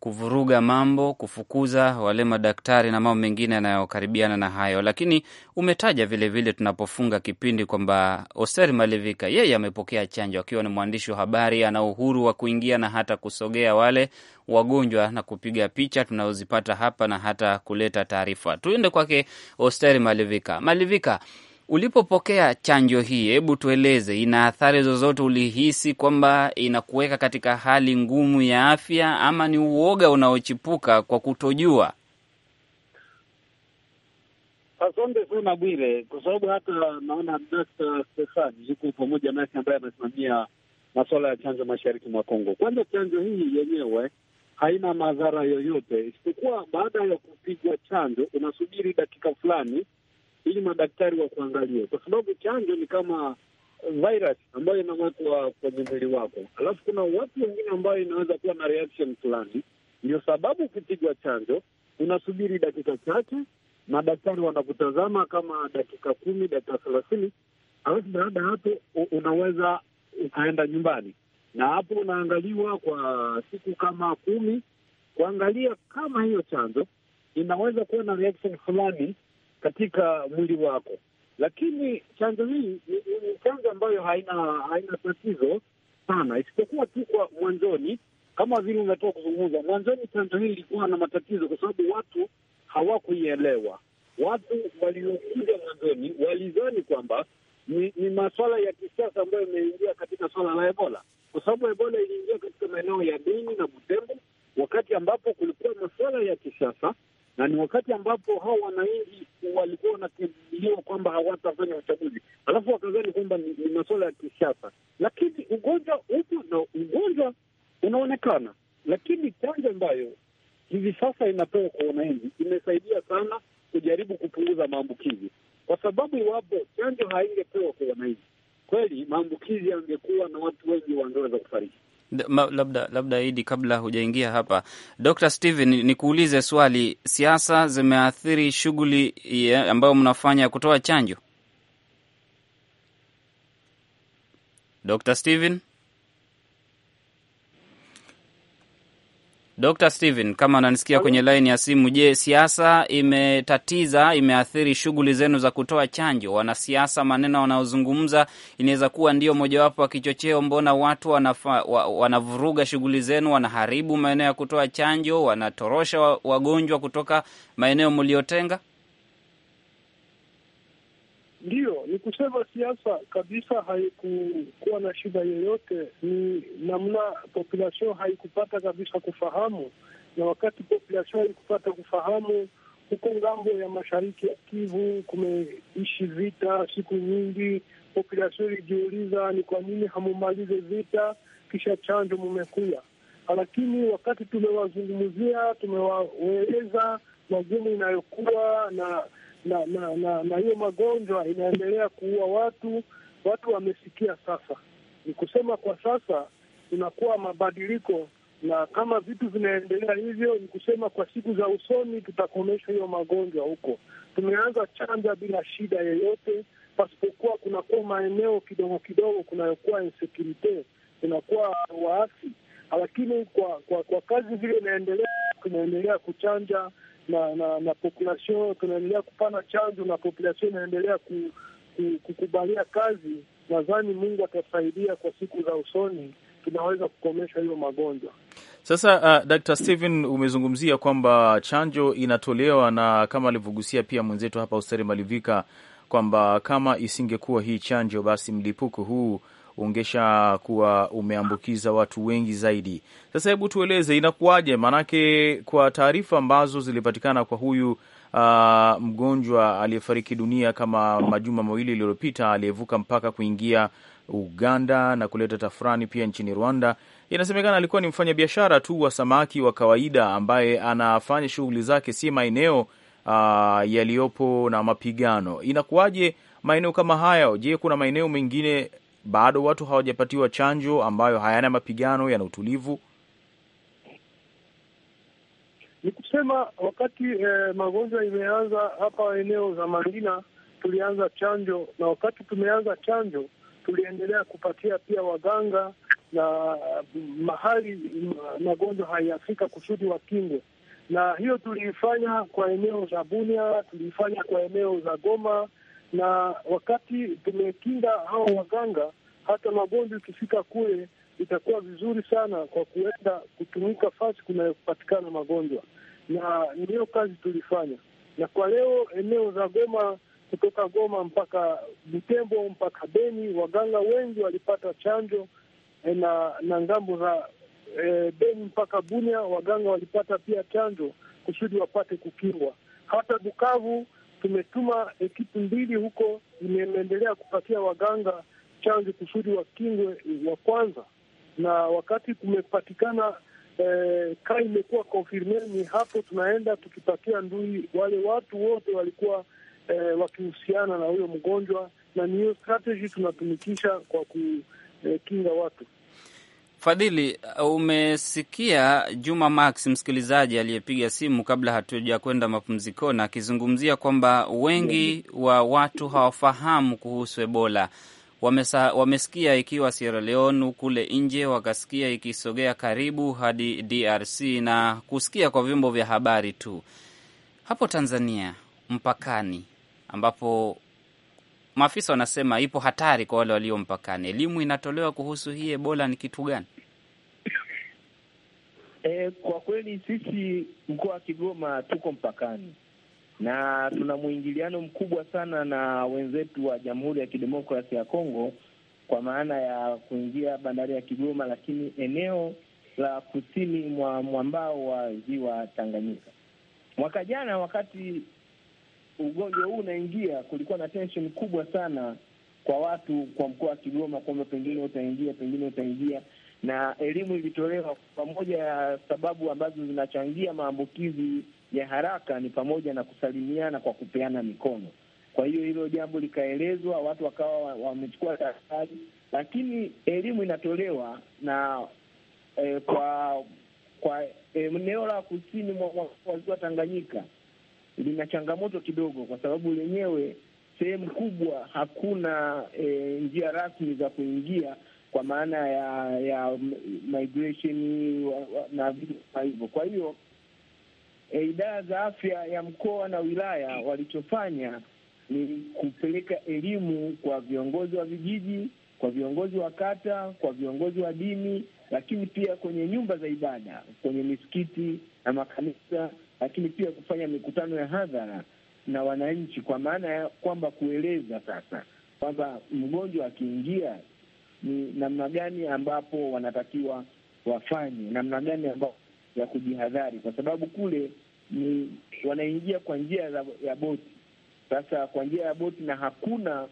kuvuruga mambo, kufukuza wale madaktari na mambo mengine yanayokaribiana na hayo. Lakini umetaja vilevile vile tunapofunga kipindi kwamba Oser Malivika yeye amepokea chanjo akiwa ni mwandishi wa habari, ana uhuru wa kuingia na hata kusogea wale wagonjwa na kupiga picha tunazozipata hapa na hata kuleta taarifa. Tuende kwake Oster Malivika. Malivika, Ulipopokea chanjo hii, hebu tueleze, ina athari zozote ulihisi kwamba inakuweka katika hali ngumu ya afya, ama ni uoga unaochipuka kwa kutojua? Asante sana Bwire, kwa sababu hata naona Dr. Stefani yuko pamoja nasi, ambaye anasimamia masuala ya chanjo mashariki mwa Kongo. Kwanza, chanjo hii yenyewe haina madhara yoyote, isipokuwa baada ya kupigwa chanjo unasubiri dakika fulani ili madaktari wa kuangalia, kwa sababu chanjo ni kama virus ambayo inawekwa kwenye mwili wako, alafu kuna watu wengine ambayo inaweza kuwa na reaction fulani. Ndio sababu ukipigwa chanjo unasubiri dakika chache, madaktari wanakutazama kama dakika kumi, dakika thelathini, alafu baada ya hapo unaweza ukaenda nyumbani, na hapo unaangaliwa kwa siku kama kumi kuangalia kama hiyo chanjo inaweza kuwa na reaction fulani katika mwili wako. Lakini chanjo hii ni chanjo ambayo haina haina tatizo sana, isipokuwa tu kwa mwanzoni, kama vile umetoka kuzungumza mwanzoni, chanjo hii ilikuwa na matatizo kwa sababu watu hawakuielewa. Watu waliokuja mwanzoni walizani kwamba ni, ni maswala ya kisiasa ambayo imeingia katika swala la Ebola kwa sababu Ebola iliingia katika maeneo ya Beni na Butembo wakati ambapo kulikuwa masuala ya kisiasa na ni wakati ambapo hao wananchi walikuwa wanakabiliwa kwamba hawatafanya uchaguzi, alafu wakazani kwamba ni, ni masuala ya kisiasa, lakini ugonjwa upo na ugonjwa unaonekana, lakini chanjo ambayo hivi sasa inapewa kwa wananchi imesaidia sana kujaribu kupunguza maambukizi, kwa sababu iwapo chanjo haingepewa kwa wananchi, kweli maambukizi yangekuwa na watu wengi wangeweza kufariki labda labda Idi, kabla hujaingia hapa, Dr. Steven, nikuulize swali, siasa zimeathiri shughuli ambayo mnafanya kutoa chanjo? Dr. Steven Dr. Steven, kama unanisikia kwenye laini ya simu, je, siasa imetatiza, imeathiri shughuli zenu za kutoa chanjo? Wanasiasa, maneno wanaozungumza inaweza kuwa ndio mojawapo wa kichocheo. Mbona watu wanafa, wa, wanavuruga shughuli zenu, wanaharibu maeneo ya kutoa chanjo, wanatorosha wagonjwa kutoka maeneo mliotenga? Ndiyo, ni kusema siasa kabisa haikukuwa na shida yoyote, ni namna population haikupata kabisa kufahamu, na wakati population haikupata kufahamu, huko ngambo ya mashariki ya Kivu kumeishi vita siku nyingi. Population ilijiuliza ni kwa nini hamumalize vita, kisha chanjo mumekuya. Lakini wakati tumewazungumzia, tumewaeleza magumu inayokuwa na na na na, na hiyo magonjwa inaendelea kuua watu. Watu wamesikia sasa, ni kusema kwa sasa tunakuwa mabadiliko, na kama vitu vinaendelea hivyo, ni kusema kwa siku za usoni tutakomesha hiyo magonjwa huko. Tumeanza chanja bila shida yeyote, pasipokuwa kunakuwa maeneo kidogo kidogo kunayokuwa insecurity, kunakuwa waasi, lakini kwa kwa, kwa kazi vile inaendelea tunaendelea kuchanja na na, na population tunaendelea kupana chanjo na population inaendelea ku, ku, kukubalia kazi, nadhani Mungu atasaidia kwa siku za usoni tunaweza kukomesha hiyo magonjwa. Sasa uh, Dr. Steven umezungumzia kwamba chanjo inatolewa na kama alivyogusia pia mwenzetu hapa ustari Malivika kwamba kama isingekuwa hii chanjo basi mlipuko huu ungesha kuwa umeambukiza watu wengi zaidi. Sasa hebu tueleze inakuwaje? Maanake kwa taarifa ambazo zilipatikana kwa huyu uh, mgonjwa aliyefariki dunia kama majuma mawili iliyopita, aliyevuka mpaka kuingia Uganda na kuleta tafurani pia nchini Rwanda, inasemekana alikuwa ni mfanyabiashara tu wa samaki wa kawaida ambaye anafanya shughuli zake, si maeneo uh, yaliyopo na mapigano. Inakuwaje maeneo kama haya? Je, kuna maeneo mengine bado watu hawajapatiwa chanjo ambayo hayana mapigano, yana utulivu? Ni kusema wakati eh, magonjwa imeanza hapa eneo za Mangina tulianza chanjo, na wakati tumeanza chanjo tuliendelea kupatia pia waganga na mm, mahali mm, magonjwa hayafika kusudi wakingwe, na hiyo tuliifanya kwa eneo za Bunia, tuliifanya kwa eneo za Goma na wakati tumekinga hao waganga, hata magonjwa ikifika kule itakuwa vizuri sana kwa kuenda kutumika fasi kunayopatikana magonjwa, na ni hiyo kazi tulifanya. Na kwa leo eneo za Goma, kutoka Goma mpaka Butembo mpaka Beni, waganga wengi walipata chanjo eh, na na ngambo za e, Beni mpaka Bunia, waganga walipata pia chanjo kusudi wapate kukingwa. Hata Bukavu tumetuma ekipu mbili huko, imeendelea kupatia waganga chanjo kusudi wakingwe wa kwanza, na wakati kumepatikana eh, kaa imekuwa konfirme ni hapo, tunaenda tukipatia ndui wale watu wote walikuwa eh, wakihusiana na huyo mgonjwa, na ni hiyo strategy tunatumikisha kwa kukinga eh, watu. Fadhili, uh, umesikia Juma Max, msikilizaji aliyepiga simu kabla hatuja kwenda mapumzikoni, akizungumzia kwamba wengi wa watu hawafahamu kuhusu Ebola. Wamesa, wamesikia ikiwa Sierra Leone kule nje, wakasikia ikisogea karibu hadi DRC na kusikia kwa vyombo vya habari tu. Hapo Tanzania mpakani ambapo maafisa wanasema ipo hatari kwa wale walio mpakani. Elimu inatolewa kuhusu hii Ebola ni kitu gani? E, kwa kweli sisi mkoa wa Kigoma tuko mpakani na tuna mwingiliano mkubwa sana na wenzetu wa Jamhuri ya Kidemokrasia ya Kongo kwa maana ya kuingia bandari ya Kigoma, lakini eneo la kusini mwa mwambao wa ziwa Tanganyika. Mwaka jana wakati ugonjwa huu unaingia, kulikuwa na tension kubwa sana kwa watu kwa mkoa wa Kigoma kwamba pengine utaingia, pengine utaingia, na elimu ilitolewa. Pamoja ya sababu ambazo zinachangia maambukizi ya haraka ni pamoja na kusalimiana kwa kupeana mikono. Kwa hiyo hilo jambo likaelezwa, watu wakawa wamechukua tahadhari, lakini elimu inatolewa na eh, kwa kwa eneo eh, la kusini mwa ziwa Tanganyika lina changamoto kidogo, kwa sababu lenyewe sehemu kubwa hakuna e, njia rasmi za kuingia kwa maana ya ya migration na vitu kama hivyo. Kwa hiyo e, idara za afya ya mkoa na wilaya walichofanya ni kupeleka elimu kwa viongozi wa vijiji, kwa viongozi wa kata, kwa viongozi wa dini, lakini pia kwenye nyumba za ibada, kwenye misikiti na makanisa lakini pia kufanya mikutano ya hadhara na wananchi, kwa maana ya kwamba kueleza sasa kwamba mgonjwa akiingia ni namna gani ambapo wanatakiwa wafanye, namna gani ambapo ya kujihadhari, kwa sababu kule ni wanaingia kwa njia ya boti. Sasa kwa njia ya boti na hakuna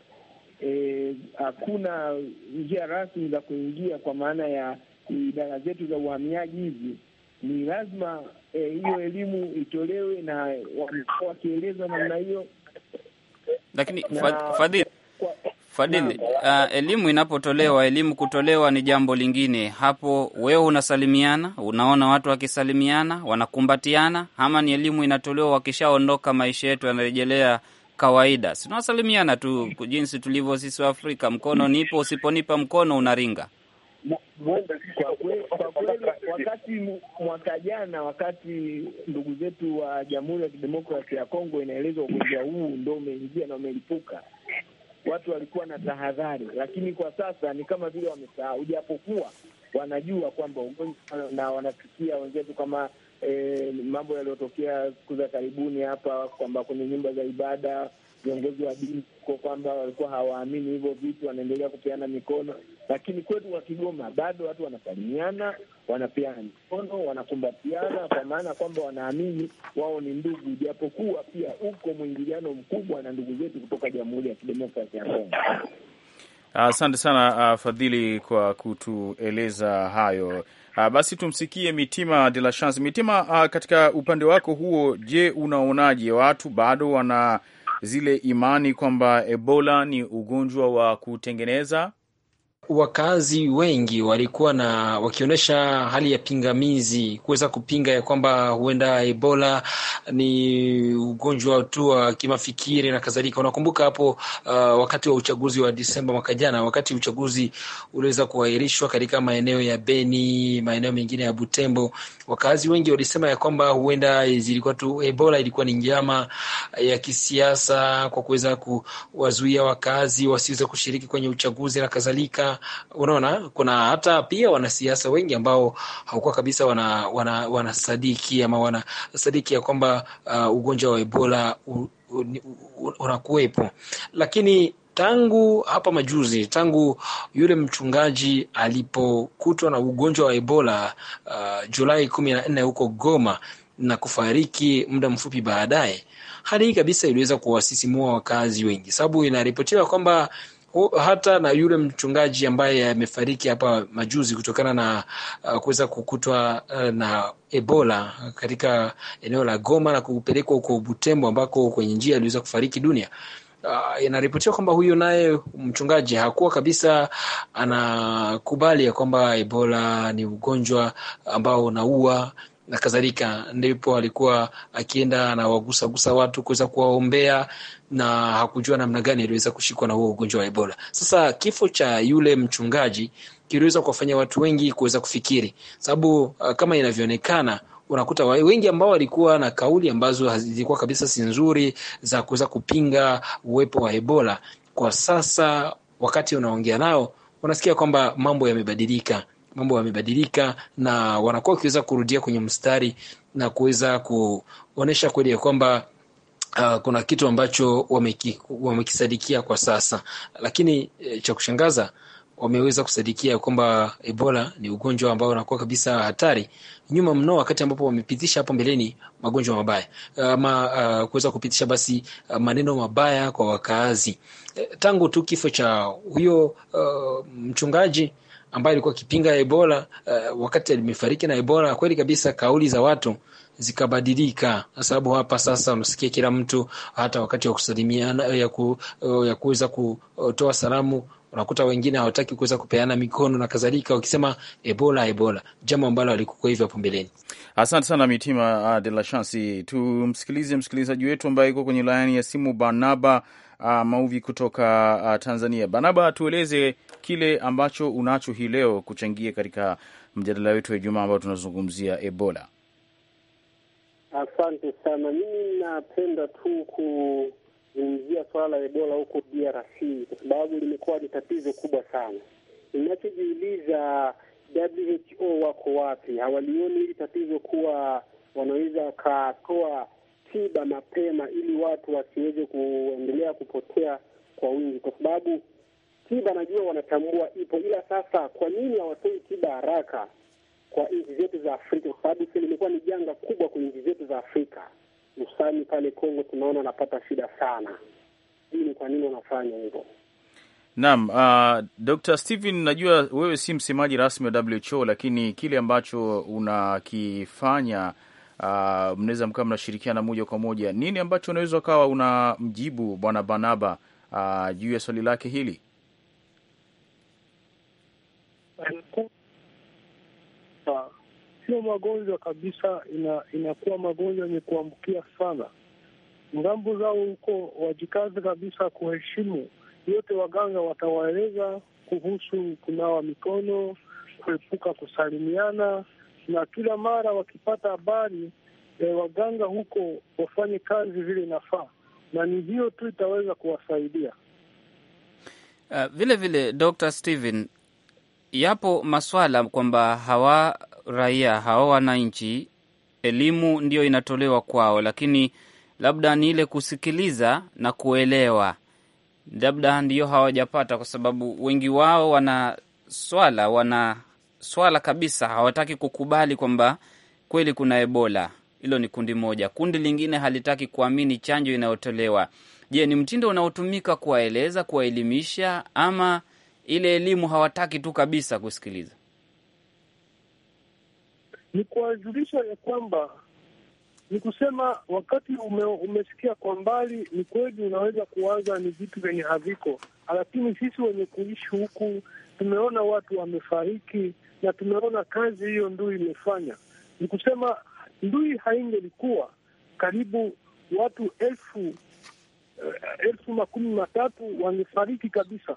eh, hakuna njia rasmi za kuingia, kwa maana ya idara zetu za uhamiaji hizi ni lazima Eh, hiyo e, elimu itolewe na wamekuwa wakielezwa namna hiyo. Lakini na, Fadhili Fadhili, uh, elimu inapotolewa, elimu kutolewa ni jambo lingine. Hapo wewe unasalimiana, unaona watu wakisalimiana, wanakumbatiana, ama ni elimu inatolewa, wakishaondoka maisha yetu yanarejelea kawaida, sinawasalimiana tu jinsi tulivyo sisi wa Afrika, mkono nipo, usiponipa mkono unaringa kwa kweli, wakati mwaka jana, wakati ndugu zetu wa Jamhuri ya Kidemokrasia ya Kongo inaelezwa ugonjwa huu ndo umeingia na umelipuka, watu walikuwa na tahadhari, lakini kwa sasa ni kama vile wamesahau, japokuwa wanajua kwamba ugonjwa na wanafikia wenzetu kama eh, mambo yaliyotokea siku za karibuni hapa kwamba kwenye nyumba za ibada viongozi wa dini ko kwamba walikuwa hawaamini hivyo vitu, wanaendelea kupeana mikono. Lakini kwetu wa Kigoma bado watu wanasalimiana, wanapeana mikono, wanakumbatiana kwa maana kwamba wanaamini wao ni ndugu, japokuwa pia uko mwingiliano mkubwa na ndugu zetu kutoka Jamhuri ya kidemokrasi ya Kongo. Asante uh, sana uh, Fadhili kwa kutueleza hayo. Uh, basi tumsikie Mitima de la Chance. Mitima, uh, katika upande wako huo, je, unaonaje, watu bado wana zile imani kwamba Ebola ni ugonjwa wa kutengeneza Wakazi wengi walikuwa na wakionyesha hali ya pingamizi kuweza kupinga ya kwamba huenda Ebola ni ugonjwa tu wa kimafikiri na kadhalika. Unakumbuka hapo uh, wakati wa uchaguzi wa Disemba mwaka jana, wakati uchaguzi uliweza kuahirishwa katika maeneo ya Beni, maeneo mengine ya Butembo, wakazi wengi walisema ya kwamba huenda zilikuwa tu Ebola ilikuwa ni njama ya kisiasa kwa kuweza kuwazuia wakazi wasiweze kushiriki kwenye uchaguzi na kadhalika unaona, kuna hata pia wanasiasa wengi ambao hawakuwa kabisa wanasadiki wana, wana ama wanasadiki ya kwamba uh, ugonjwa wa Ebola unakuwepo, lakini tangu hapa majuzi, tangu yule mchungaji alipokutwa na ugonjwa wa Ebola uh, Julai kumi na nne huko Goma na kufariki muda mfupi baadaye, hali hii kabisa iliweza kuwasisimua wakazi wengi, sababu inaripotiwa kwamba hata na yule mchungaji ambaye amefariki hapa majuzi kutokana na uh, kuweza kukutwa uh, na Ebola katika eneo la Goma na kupelekwa huko Butembo ambako kwenye njia aliweza kufariki dunia. Uh, inaripotiwa kwamba huyo naye mchungaji hakuwa kabisa anakubali ya kwamba Ebola ni ugonjwa ambao unaua na kadhalika, ndipo alikuwa akienda anawagusagusa watu kuweza kuwaombea na hakujua namna gani aliweza kushikwa na huo ugonjwa wa Ebola. Sasa kifo cha yule mchungaji kiliweza kuwafanya watu wengi kuweza kufikiri, sababu uh, kama inavyoonekana unakuta wengi ambao walikuwa na kauli ambazo zilikuwa kabisa si nzuri za kuweza kupinga uwepo wa Ebola, kwa sasa wakati unaongea nao unasikia kwamba mambo yamebadilika, mambo yamebadilika, na wanakuwa wakiweza kurudia kwenye mstari na kuweza kuonesha kweli ya kwamba Uh, kuna kitu ambacho wamekisadikia wamekisadikia kwa sasa, lakini e, cha kushangaza wameweza kusadikia kwamba Ebola ni ugonjwa ambao unakuwa kabisa hatari nyuma mno, wakati ambapo wamepitisha hapo mbeleni magonjwa mabaya ama ah, uh, ah, kuweza kupitisha basi uh, maneno mabaya kwa wakaazi e, tangu tu kifo cha huyo uh, mchungaji ambayo ilikuwa ikipinga Ebola uh, wakati alimefariki na Ebola, kweli kabisa kauli za watu zikabadilika kwa sababu hapa sasa unasikia kila mtu, hata wakati wa kusalimiana ya, ku, uh, ya kuweza kutoa salamu unakuta wengine hawataki kuweza kupeana mikono na kadhalika, wakisema Ebola Ebola, jambo ambalo alikuwa hivyo hapo mbeleni. Asante sana Mitima ah, de la Chansi. Tumsikilize msikilizaji wetu ambaye iko kwenye laini ya simu, Barnaba uh, Mauvi kutoka uh, Tanzania. Banaba, tueleze kile ambacho unacho hii leo kuchangia katika mjadala wetu wa Ijumaa ambao tunazungumzia Ebola. Asante sana. Mimi napenda tu kuzungumzia swala la Ebola huko DRC kwa sababu limekuwa ni tatizo kubwa sana. Ninachojiuliza, WHO wako wapi? Hawalioni hili tatizo kuwa wanaweza wakatoa tiba mapema, ili watu wasiweze kuendelea kupotea kwa wingi, kwa sababu tiba najua wanatambua ipo, ila sasa kwa nini hawatoi tiba haraka kwa nchi zetu za Afrika? Kwa sababu hili limekuwa ni janga kubwa kwa nchi zetu za Afrika, hususani pale Kongo tunaona wanapata shida sana. Hii ni kwa nini wanafanya hivyo? Naam, uh, Dr. Steven, najua wewe si msemaji rasmi wa WHO, lakini kile ambacho unakifanya uh, mnaweza mkawa mnashirikiana moja kwa moja. Nini ambacho unaweza ukawa una mjibu bwana Banaba uh, ah, juu ya swali lake hili? Sio magonjwa kabisa, ina, inakuwa magonjwa yenye kuambukia sana. Ngambo zao huko wajikazi kabisa kuheshimu yote, waganga watawaeleza kuhusu kunawa mikono, kuepuka kusalimiana na kila mara wakipata habari e, waganga huko wafanye kazi vile inafaa, na ni hiyo tu itaweza kuwasaidia. Uh, vile vile Dr. Steven, yapo maswala kwamba hawa raia hawa wananchi elimu ndiyo inatolewa kwao, lakini labda ni ile kusikiliza na kuelewa, labda ndiyo hawajapata, kwa sababu wengi wao wana swala wana swala kabisa hawataki kukubali kwamba kweli kuna Ebola. Hilo ni kundi moja. Kundi lingine halitaki kuamini chanjo inayotolewa. Je, ni mtindo unaotumika kuwaeleza, kuwaelimisha, ama ile elimu hawataki tu kabisa kusikiliza? Ni kuwajulisha ya kwamba ni kusema wakati ume, umesikia kwa mbali, ni kweli unaweza kuwaza ni vitu vyenye haviko, lakini sisi wenye kuishi huku tumeona watu wamefariki na tumeona kazi hiyo ndui imefanya. Ni kusema ndui haingelikuwa karibu watu elfu eh, elfu makumi matatu wangefariki kabisa,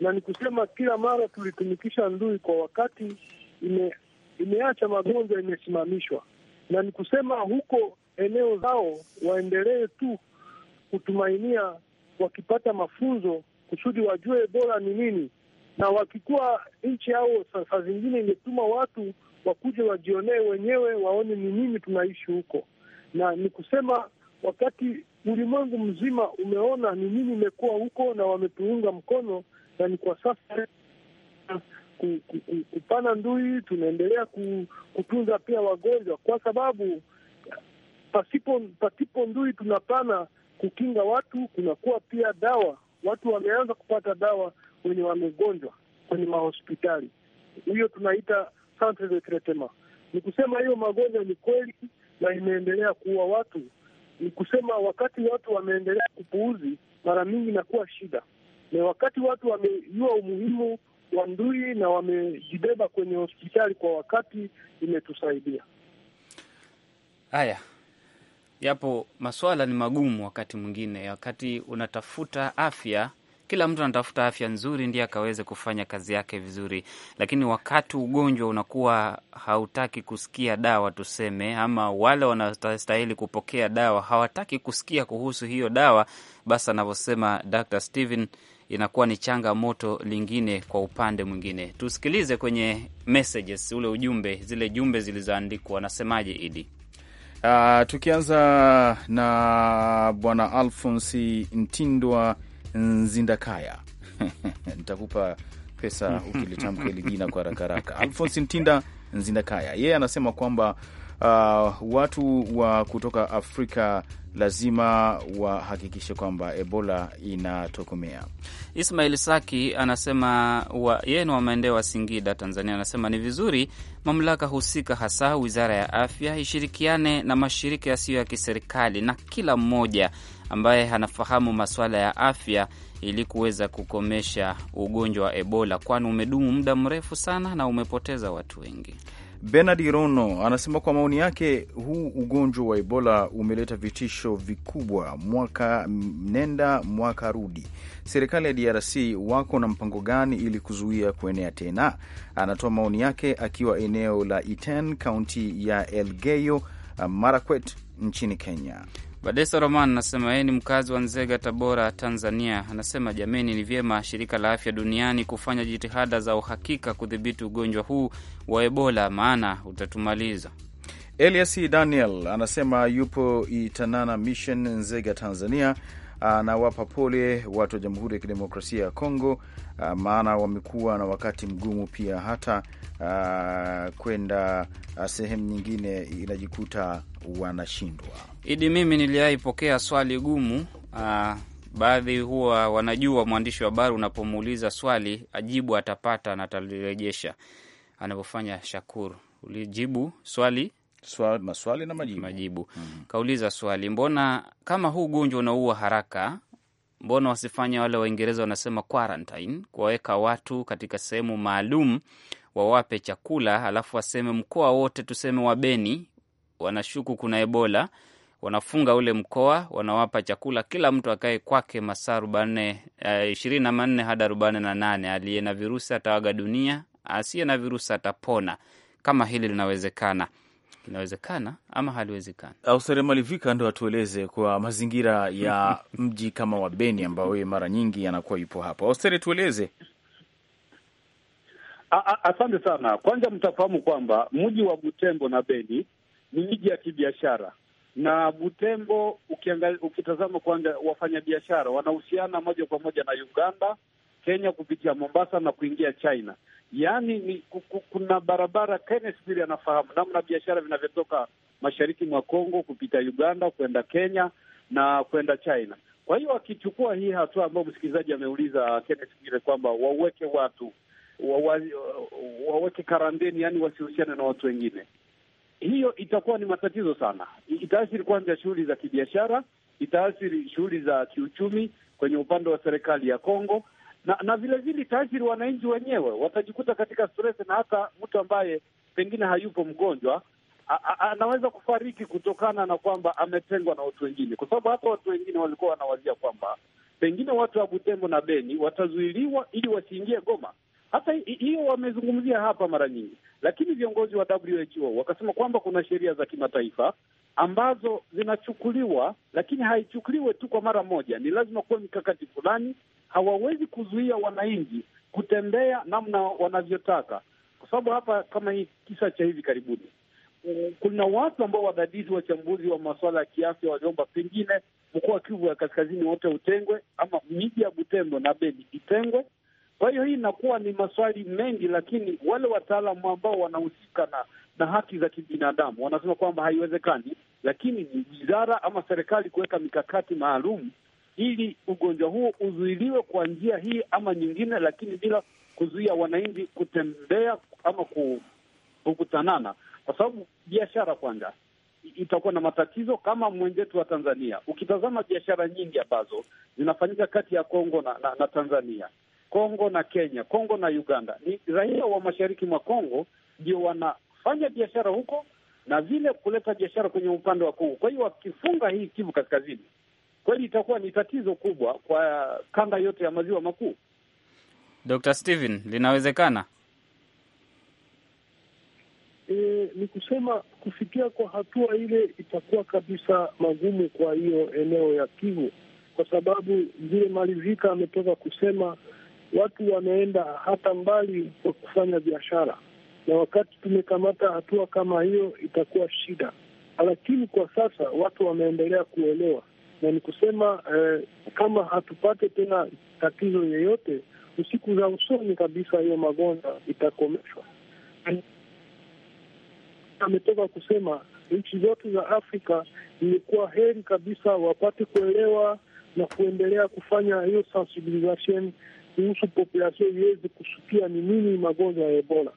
na ni kusema kila mara tulitumikisha ndui kwa wakati, ime, imeacha magonjwa, imesimamishwa. Na ni kusema huko eneo zao waendelee tu kutumainia wakipata mafunzo kusudi wajue bora ni nini na wakikuwa nchi au saa zingine imetuma watu wakuja wajionee wenyewe, waone ni nini tunaishi huko, na ni kusema wakati ulimwengu mzima umeona ni nini imekuwa huko na wametuunga mkono, na ni kwa sasa kupana ndui, tunaendelea kutunza pia wagonjwa, kwa sababu pasipo pasipo ndui tunapana kukinga watu, kunakuwa pia dawa, watu wameanza kupata dawa wenye wamegonjwa kwenye mahospitali. Hiyo tunaita centre de traitement. Ni kusema hiyo magonjwa ni kweli na imeendelea kuua watu. Ni kusema wakati watu wameendelea kupuuzi, mara mingi inakuwa shida, na wakati watu wamejua umuhimu wa ndui na wamejibeba kwenye hospitali kwa wakati, imetusaidia. Haya yapo, maswala ni magumu wakati mwingine, wakati unatafuta afya kila mtu anatafuta afya nzuri ndiye akaweze kufanya kazi yake vizuri, lakini wakati ugonjwa unakuwa hautaki kusikia dawa tuseme, ama wale wanastahili kupokea dawa hawataki kusikia kuhusu hiyo dawa, basi anavyosema Dr. Steven inakuwa ni changamoto lingine kwa upande mwingine. Tusikilize kwenye messages, ule ujumbe, zile jumbe zilizoandikwa, anasemaje Idi? Uh, ah, tukianza na bwana Alfonsi Ntindwa Nzindakaya nitakupa pesa ukilitamka hili jina kwa haraka haraka. Alfonsi Ntinda Nzindakaya yeye, yeah, anasema kwamba uh, watu wa kutoka Afrika lazima wahakikishe kwamba Ebola inatokomea. Ismail Saki anasema yeye ni wa maendeo wa Singida, Tanzania. Anasema ni vizuri mamlaka husika, hasa wizara ya afya, ishirikiane na mashirika yasiyo ya kiserikali na kila mmoja ambaye anafahamu masuala ya afya ili kuweza kukomesha ugonjwa wa Ebola, kwani umedumu muda mrefu sana na umepoteza watu wengi. Benard Rono anasema kwa maoni yake, huu ugonjwa wa Ebola umeleta vitisho vikubwa, mwaka nenda mwaka rudi. Serikali ya DRC wako na mpango gani ili kuzuia kuenea tena? Anatoa maoni yake akiwa eneo la Iten, kaunti ya Elgeyo Marakwet nchini Kenya. Badesa Roman anasema yeye ni mkazi wa Nzega, Tabora, Tanzania. Anasema jameni, ni vyema shirika la afya duniani kufanya jitihada za uhakika kudhibiti ugonjwa huu wa Ebola, maana utatumaliza. Elias Daniel anasema yupo Itanana Mission, Nzega, Tanzania anawapa ah, pole watu wa Jamhuri ya Kidemokrasia ya Kongo, ah, maana wamekuwa na wakati mgumu pia, hata ah, kwenda sehemu nyingine inajikuta wanashindwa. Idi, mimi niliyaipokea swali gumu baadhi huwa wanajua mwandishi wa habari unapomuuliza swali ajibu atapata na atalirejesha, anavyofanya shakur Ulijibu swali swali, maswali na majibu, majibu. Mm. Kauliza swali, mbona kama huu ugonjwa unaua haraka, mbona wasifanya wale Waingereza wanasema quarantine, kuwaweka watu katika sehemu maalum, wawape chakula, alafu waseme mkoa wote, tuseme wabeni wanashuku kuna Ebola, wanafunga ule mkoa, wanawapa chakula, kila mtu akae kwake masaa arobaini eh, na nne hadi arobaini na nane Aliye na virusi ataaga dunia, asiye na virusi atapona. Kama hili linawezekana inawezekana ama haliwezekani? Ausere Malivika ndo atueleze kwa mazingira ya mji kama wa Beni ambao yeye mara nyingi anakuwa yupo hapo. Ausere, tueleze. Asante sana. Kwanza mtafahamu kwamba mji wa Butembo na Beni ni miji ya kibiashara, na Butembo ukitazama kwanza, wafanyabiashara wanahusiana moja kwa moja na Uganda, Kenya kupitia Mombasa na kuingia China yaani ni kuna barabara. Kenneth Bwire anafahamu namna biashara vinavyotoka mashariki mwa Kongo kupita Uganda kwenda Kenya na kwenda China. Kwa hiyo akichukua hii hatua ambayo msikilizaji ameuliza Kenneth Bwire kwamba waweke watu waweke karanteni, yani wasihusiane na watu wengine, hiyo itakuwa ni matatizo sana. Itaathiri kwanza shughuli za kibiashara, itaathiri shughuli za kiuchumi kwenye upande wa serikali ya Kongo na na vilevile itaathiri wananchi wenyewe, watajikuta katika stress, na hata mtu ambaye pengine hayupo mgonjwa anaweza kufariki kutokana na kwamba ametengwa na watu wengine, kwa sababu hata watu wengine walikuwa wanawazia kwamba pengine watu wa Butembo na Beni watazuiliwa ili wasiingie Goma. Hata hiyo wamezungumzia hapa mara nyingi, lakini viongozi wa WHO wakasema kwamba kuna sheria za kimataifa ambazo zinachukuliwa, lakini haichukuliwe tu kwa mara moja, ni lazima kuwa mikakati fulani hawawezi kuzuia wananchi kutembea namna wanavyotaka, kwa sababu hapa kama hii kisa cha hivi karibuni, kuna watu ambao wadadisi, wachambuzi wa masuala ya kiafya waliomba pengine mkoa wa Kivu ya kaskazini wote utengwe, ama miji ya Butembo na Beni itengwe. Kwa hiyo hii inakuwa ni maswali mengi, lakini wale wataalamu ambao wanahusika na na haki za kibinadamu wanasema kwamba haiwezekani, lakini ni wizara ama serikali kuweka mikakati maalum ili ugonjwa huo uzuiliwe kwa njia hii ama nyingine, lakini bila kuzuia wananchi kutembea ama kukutanana, kwa sababu biashara kwanza itakuwa na matatizo kama mwenzetu wa Tanzania. Ukitazama biashara nyingi ambazo zinafanyika kati ya Kongo na, na, na Tanzania, Kongo na Kenya, Kongo na Uganda, ni raia wa mashariki mwa Kongo ndio wanafanya biashara huko na vile kuleta biashara kwenye upande wa Kongo. Kwa hiyo wakifunga hii Kivu Kaskazini, kweli itakuwa ni tatizo kubwa kwa kanda yote ya maziwa makuu. Dr. Steven, linawezekana? E, ni kusema kufikia kwa hatua ile itakuwa kabisa magumu kwa hiyo eneo ya Kivu, kwa sababu vile Malivika ametoka kusema watu wameenda hata mbali kwa kufanya biashara, na wakati tumekamata hatua kama hiyo itakuwa shida, lakini kwa sasa watu wameendelea kuelewa na ni kusema eh, kama hatupate tena tatizo yeyote usiku za usoni kabisa, hiyo magonjwa itakomeshwa. Ametoka kusema nchi zote za Afrika imekuwa heri kabisa wapate kuelewa na kuendelea kufanya hiyo sensibilization kuhusu populasion iweze kusikia ni nini magonjwa ya Ebola,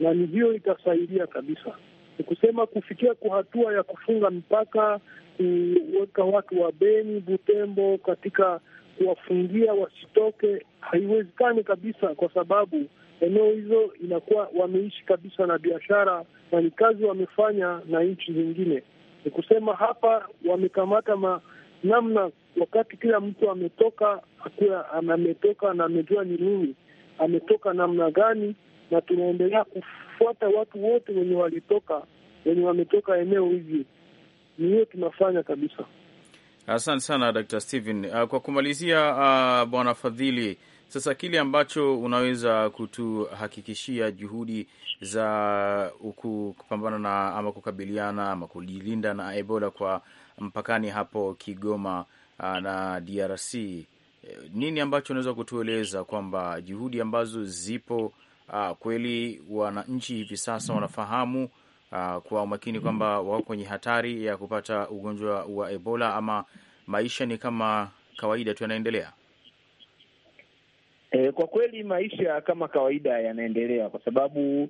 na ni hiyo itasaidia kabisa. Ni kusema kufikia kwa hatua ya kufunga mipaka kuweka watu wa Beni, Butembo katika kuwafungia wasitoke, haiwezekani kabisa, kwa sababu eneo hizo inakuwa wameishi kabisa na biashara na ni kazi wamefanya na nchi zingine. Ni kusema hapa wamekamata ma namna, wakati kila mtu ametoka akiwa ametoka na amejua ni nini ametoka namna gani, na tunaendelea kufuata watu wote wenye walitoka wenye wametoka eneo hizi ni hiyo tunafanya kabisa. Asante sana Dr. Steven. Ah, kwa kumalizia, uh, bwana Fadhili, sasa kile ambacho unaweza kutuhakikishia juhudi za kupambana na ama kukabiliana ama kujilinda na Ebola kwa mpakani hapo Kigoma ah, na DRC, eh, nini ambacho unaweza kutueleza kwamba juhudi ambazo zipo, uh, kweli wananchi hivi sasa wanafahamu Uh, kwa umakini kwamba wako kwenye hatari ya kupata ugonjwa wa Ebola ama maisha ni kama kawaida tu yanaendelea? E, kwa kweli maisha kama kawaida yanaendelea kwa sababu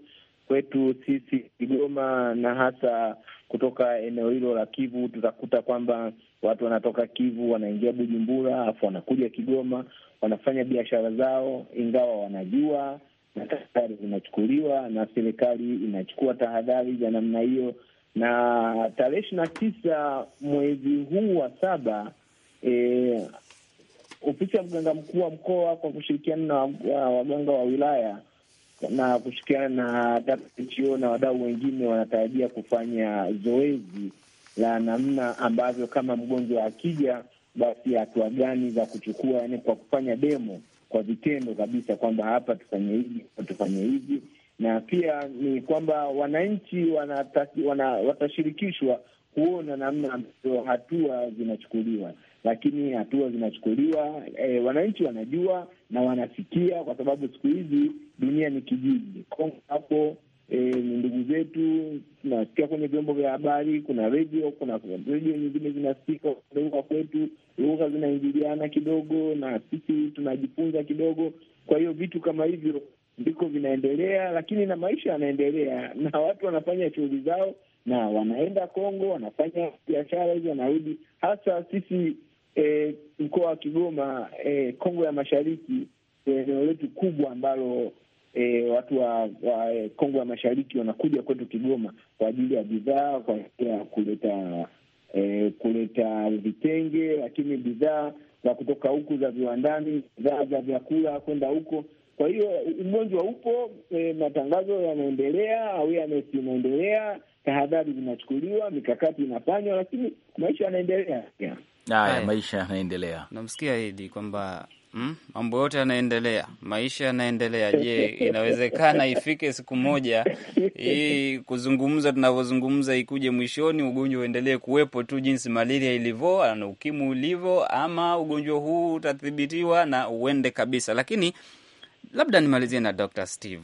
kwetu sisi Kigoma na hasa kutoka eneo hilo la Kivu, tutakuta kwamba watu wanatoka Kivu wanaingia Bujumbura, alafu wanakuja Kigoma, wanafanya biashara zao, ingawa wanajua na tahadhari zinachukuliwa na serikali inachukua tahadhari za namna hiyo, na tarehe ishirini na tisa mwezi huu wa saba e, ofisi ya mganga mkuu wa mkoa kwa kushirikiana na waganga wa wilaya na kushirikiana na WHO na wadau wengine wanatarajia kufanya zoezi la namna ambavyo kama mgonjwa akija, basi hatua gani za kuchukua, yani kwa kufanya demo kwa vitendo kabisa kwamba hapa tufanye hivi, tufanye hivi, na pia ni kwamba wananchi wana, watashirikishwa kuona namna ambazo hatua zinachukuliwa, lakini hatua zinachukuliwa e, wananchi wanajua na wanasikia, kwa sababu siku hizi dunia ni kijiji. Kongo hapo ni e, ndugu zetu tunasikia kwenye vyombo vya habari, kuna redio, kuna redio nyingine zinasikika huko kwetu lugha zinaingiliana kidogo, na sisi tunajifunza kidogo. Kwa hiyo vitu kama hivyo ndiko vinaendelea, lakini na maisha yanaendelea, na watu wanafanya shughuli zao na wanaenda Kongo, wanafanya biashara hizi, wanarudi. Hasa sisi e, mkoa wa Kigoma, e, Kongo ya Mashariki, eh, eneo letu kubwa ambalo E, watu wa, wa e, Kongo ya Mashariki wanakuja kwetu Kigoma kwa ajili ya bidhaa, kwa ajili ya kuleta e, kuleta vitenge, lakini bidhaa za kutoka huku za viwandani, bidhaa za vyakula kwenda huko. Kwa hiyo ugonjwa upo e, matangazo yanaendelea, awareness inaendelea, tahadhari zinachukuliwa, mikakati inafanywa, lakini maisha yanaendelea. Haya, maisha yanaendelea. Namsikia Edi kwamba Hmm? mambo yote yanaendelea, maisha yanaendelea. Je, inawezekana ifike siku moja hii kuzungumza tunavyozungumza ikuje mwishoni ugonjwa uendelee kuwepo tu jinsi malaria ilivyo na ukimwi ulivyo, ama ugonjwa huu utathibitiwa na uende kabisa? Lakini labda nimalizie na Dr. Steve.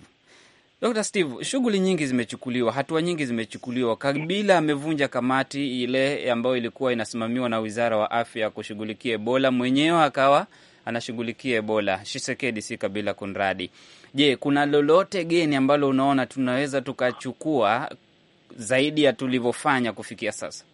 Dr. Steve, shughuli nyingi zimechukuliwa, hatua nyingi zimechukuliwa. Kabila amevunja kamati ile ambayo ilikuwa inasimamiwa na Wizara wa Afya kushughulikia Ebola, mwenyewe akawa anashughulikia Ebola, shisekedi si Kabila kunradi. Je, kuna lolote geni ambalo unaona tunaweza tukachukua zaidi ya tulivyofanya kufikia sasa?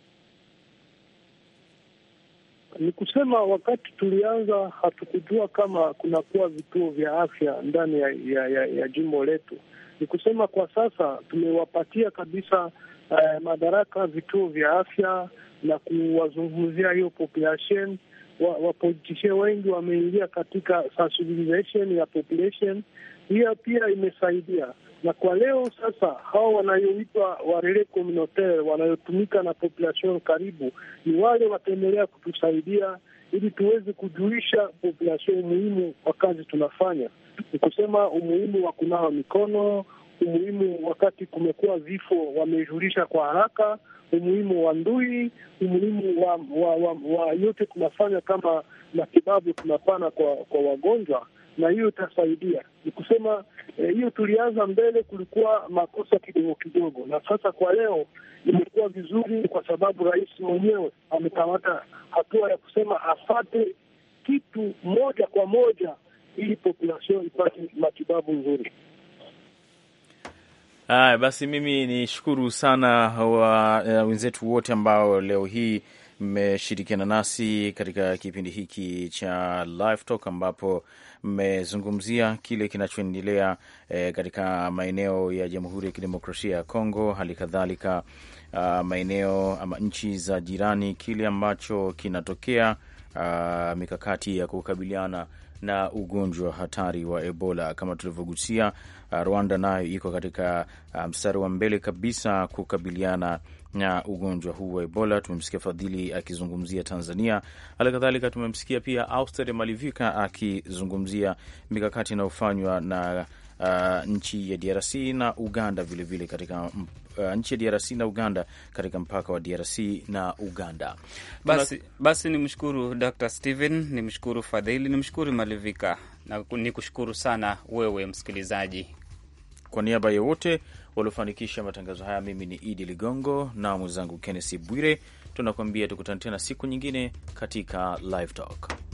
Ni kusema wakati tulianza hatukujua kama kunakuwa vituo vya afya ndani ya, ya, ya, ya jimbo letu. Ni kusema kwa sasa tumewapatia kabisa eh, madaraka vituo vya afya na kuwazungumzia hiyo population wapolitishia wa wengi wameingia katika sensibilization ya population. Hiyo pia imesaidia, na kwa leo sasa hao wanayoitwa warele communautaire wanayotumika na population karibu, ni wale wataendelea kutusaidia ili tuweze kujulisha population umuhimu wa kazi tunafanya, ni kusema umuhimu wa kunawa mikono, umuhimu wakati kumekuwa vifo wamejulisha kwa haraka umuhimu wa ndui, umuhimu wa, wa, wa, wa yote tunafanya kama matibabu tunapana kwa, kwa wagonjwa na hiyo itasaidia. Ni kusema eh, hiyo, eh, tulianza mbele, kulikuwa makosa kidogo kidogo, na sasa kwa leo imekuwa vizuri, kwa sababu rais mwenyewe amekamata hatua ya kusema afate kitu moja kwa moja ili population ipate matibabu nzuri. Ah, basi, mimi ni shukuru sana wa, uh, wenzetu wote ambao leo hii mmeshirikiana nasi katika kipindi hiki cha Live Talk ambapo mmezungumzia kile kinachoendelea e, katika maeneo ya Jamhuri ya Kidemokrasia ya Kongo, hali kadhalika uh, maeneo ama nchi za jirani, kile ambacho kinatokea, uh, mikakati ya kukabiliana na ugonjwa hatari wa Ebola kama tulivyogusia Uh, Rwanda nayo iko katika uh, mstari um, wa mbele kabisa kukabiliana na ugonjwa huu wa Ebola. Tumemsikia Fadhili akizungumzia Tanzania, hali kadhalika tumemsikia pia Auster Malivika akizungumzia mikakati inayofanywa na, na uh, nchi ya DRC na Uganda vilevile vile katika uh, nchi ya DRC na Uganda katika mpaka wa DRC na Uganda. Basi, Tuna... basi nimshukuru Dr. Steven, nimshukuru Fadhili, nimshukuru Malivika na nikushukuru sana wewe msikilizaji kwa niaba ya wote waliofanikisha matangazo haya, mimi ni Idi Ligongo na mwenzangu Kennesi Bwire, tunakuambia tukutane tena siku nyingine katika Live Talk.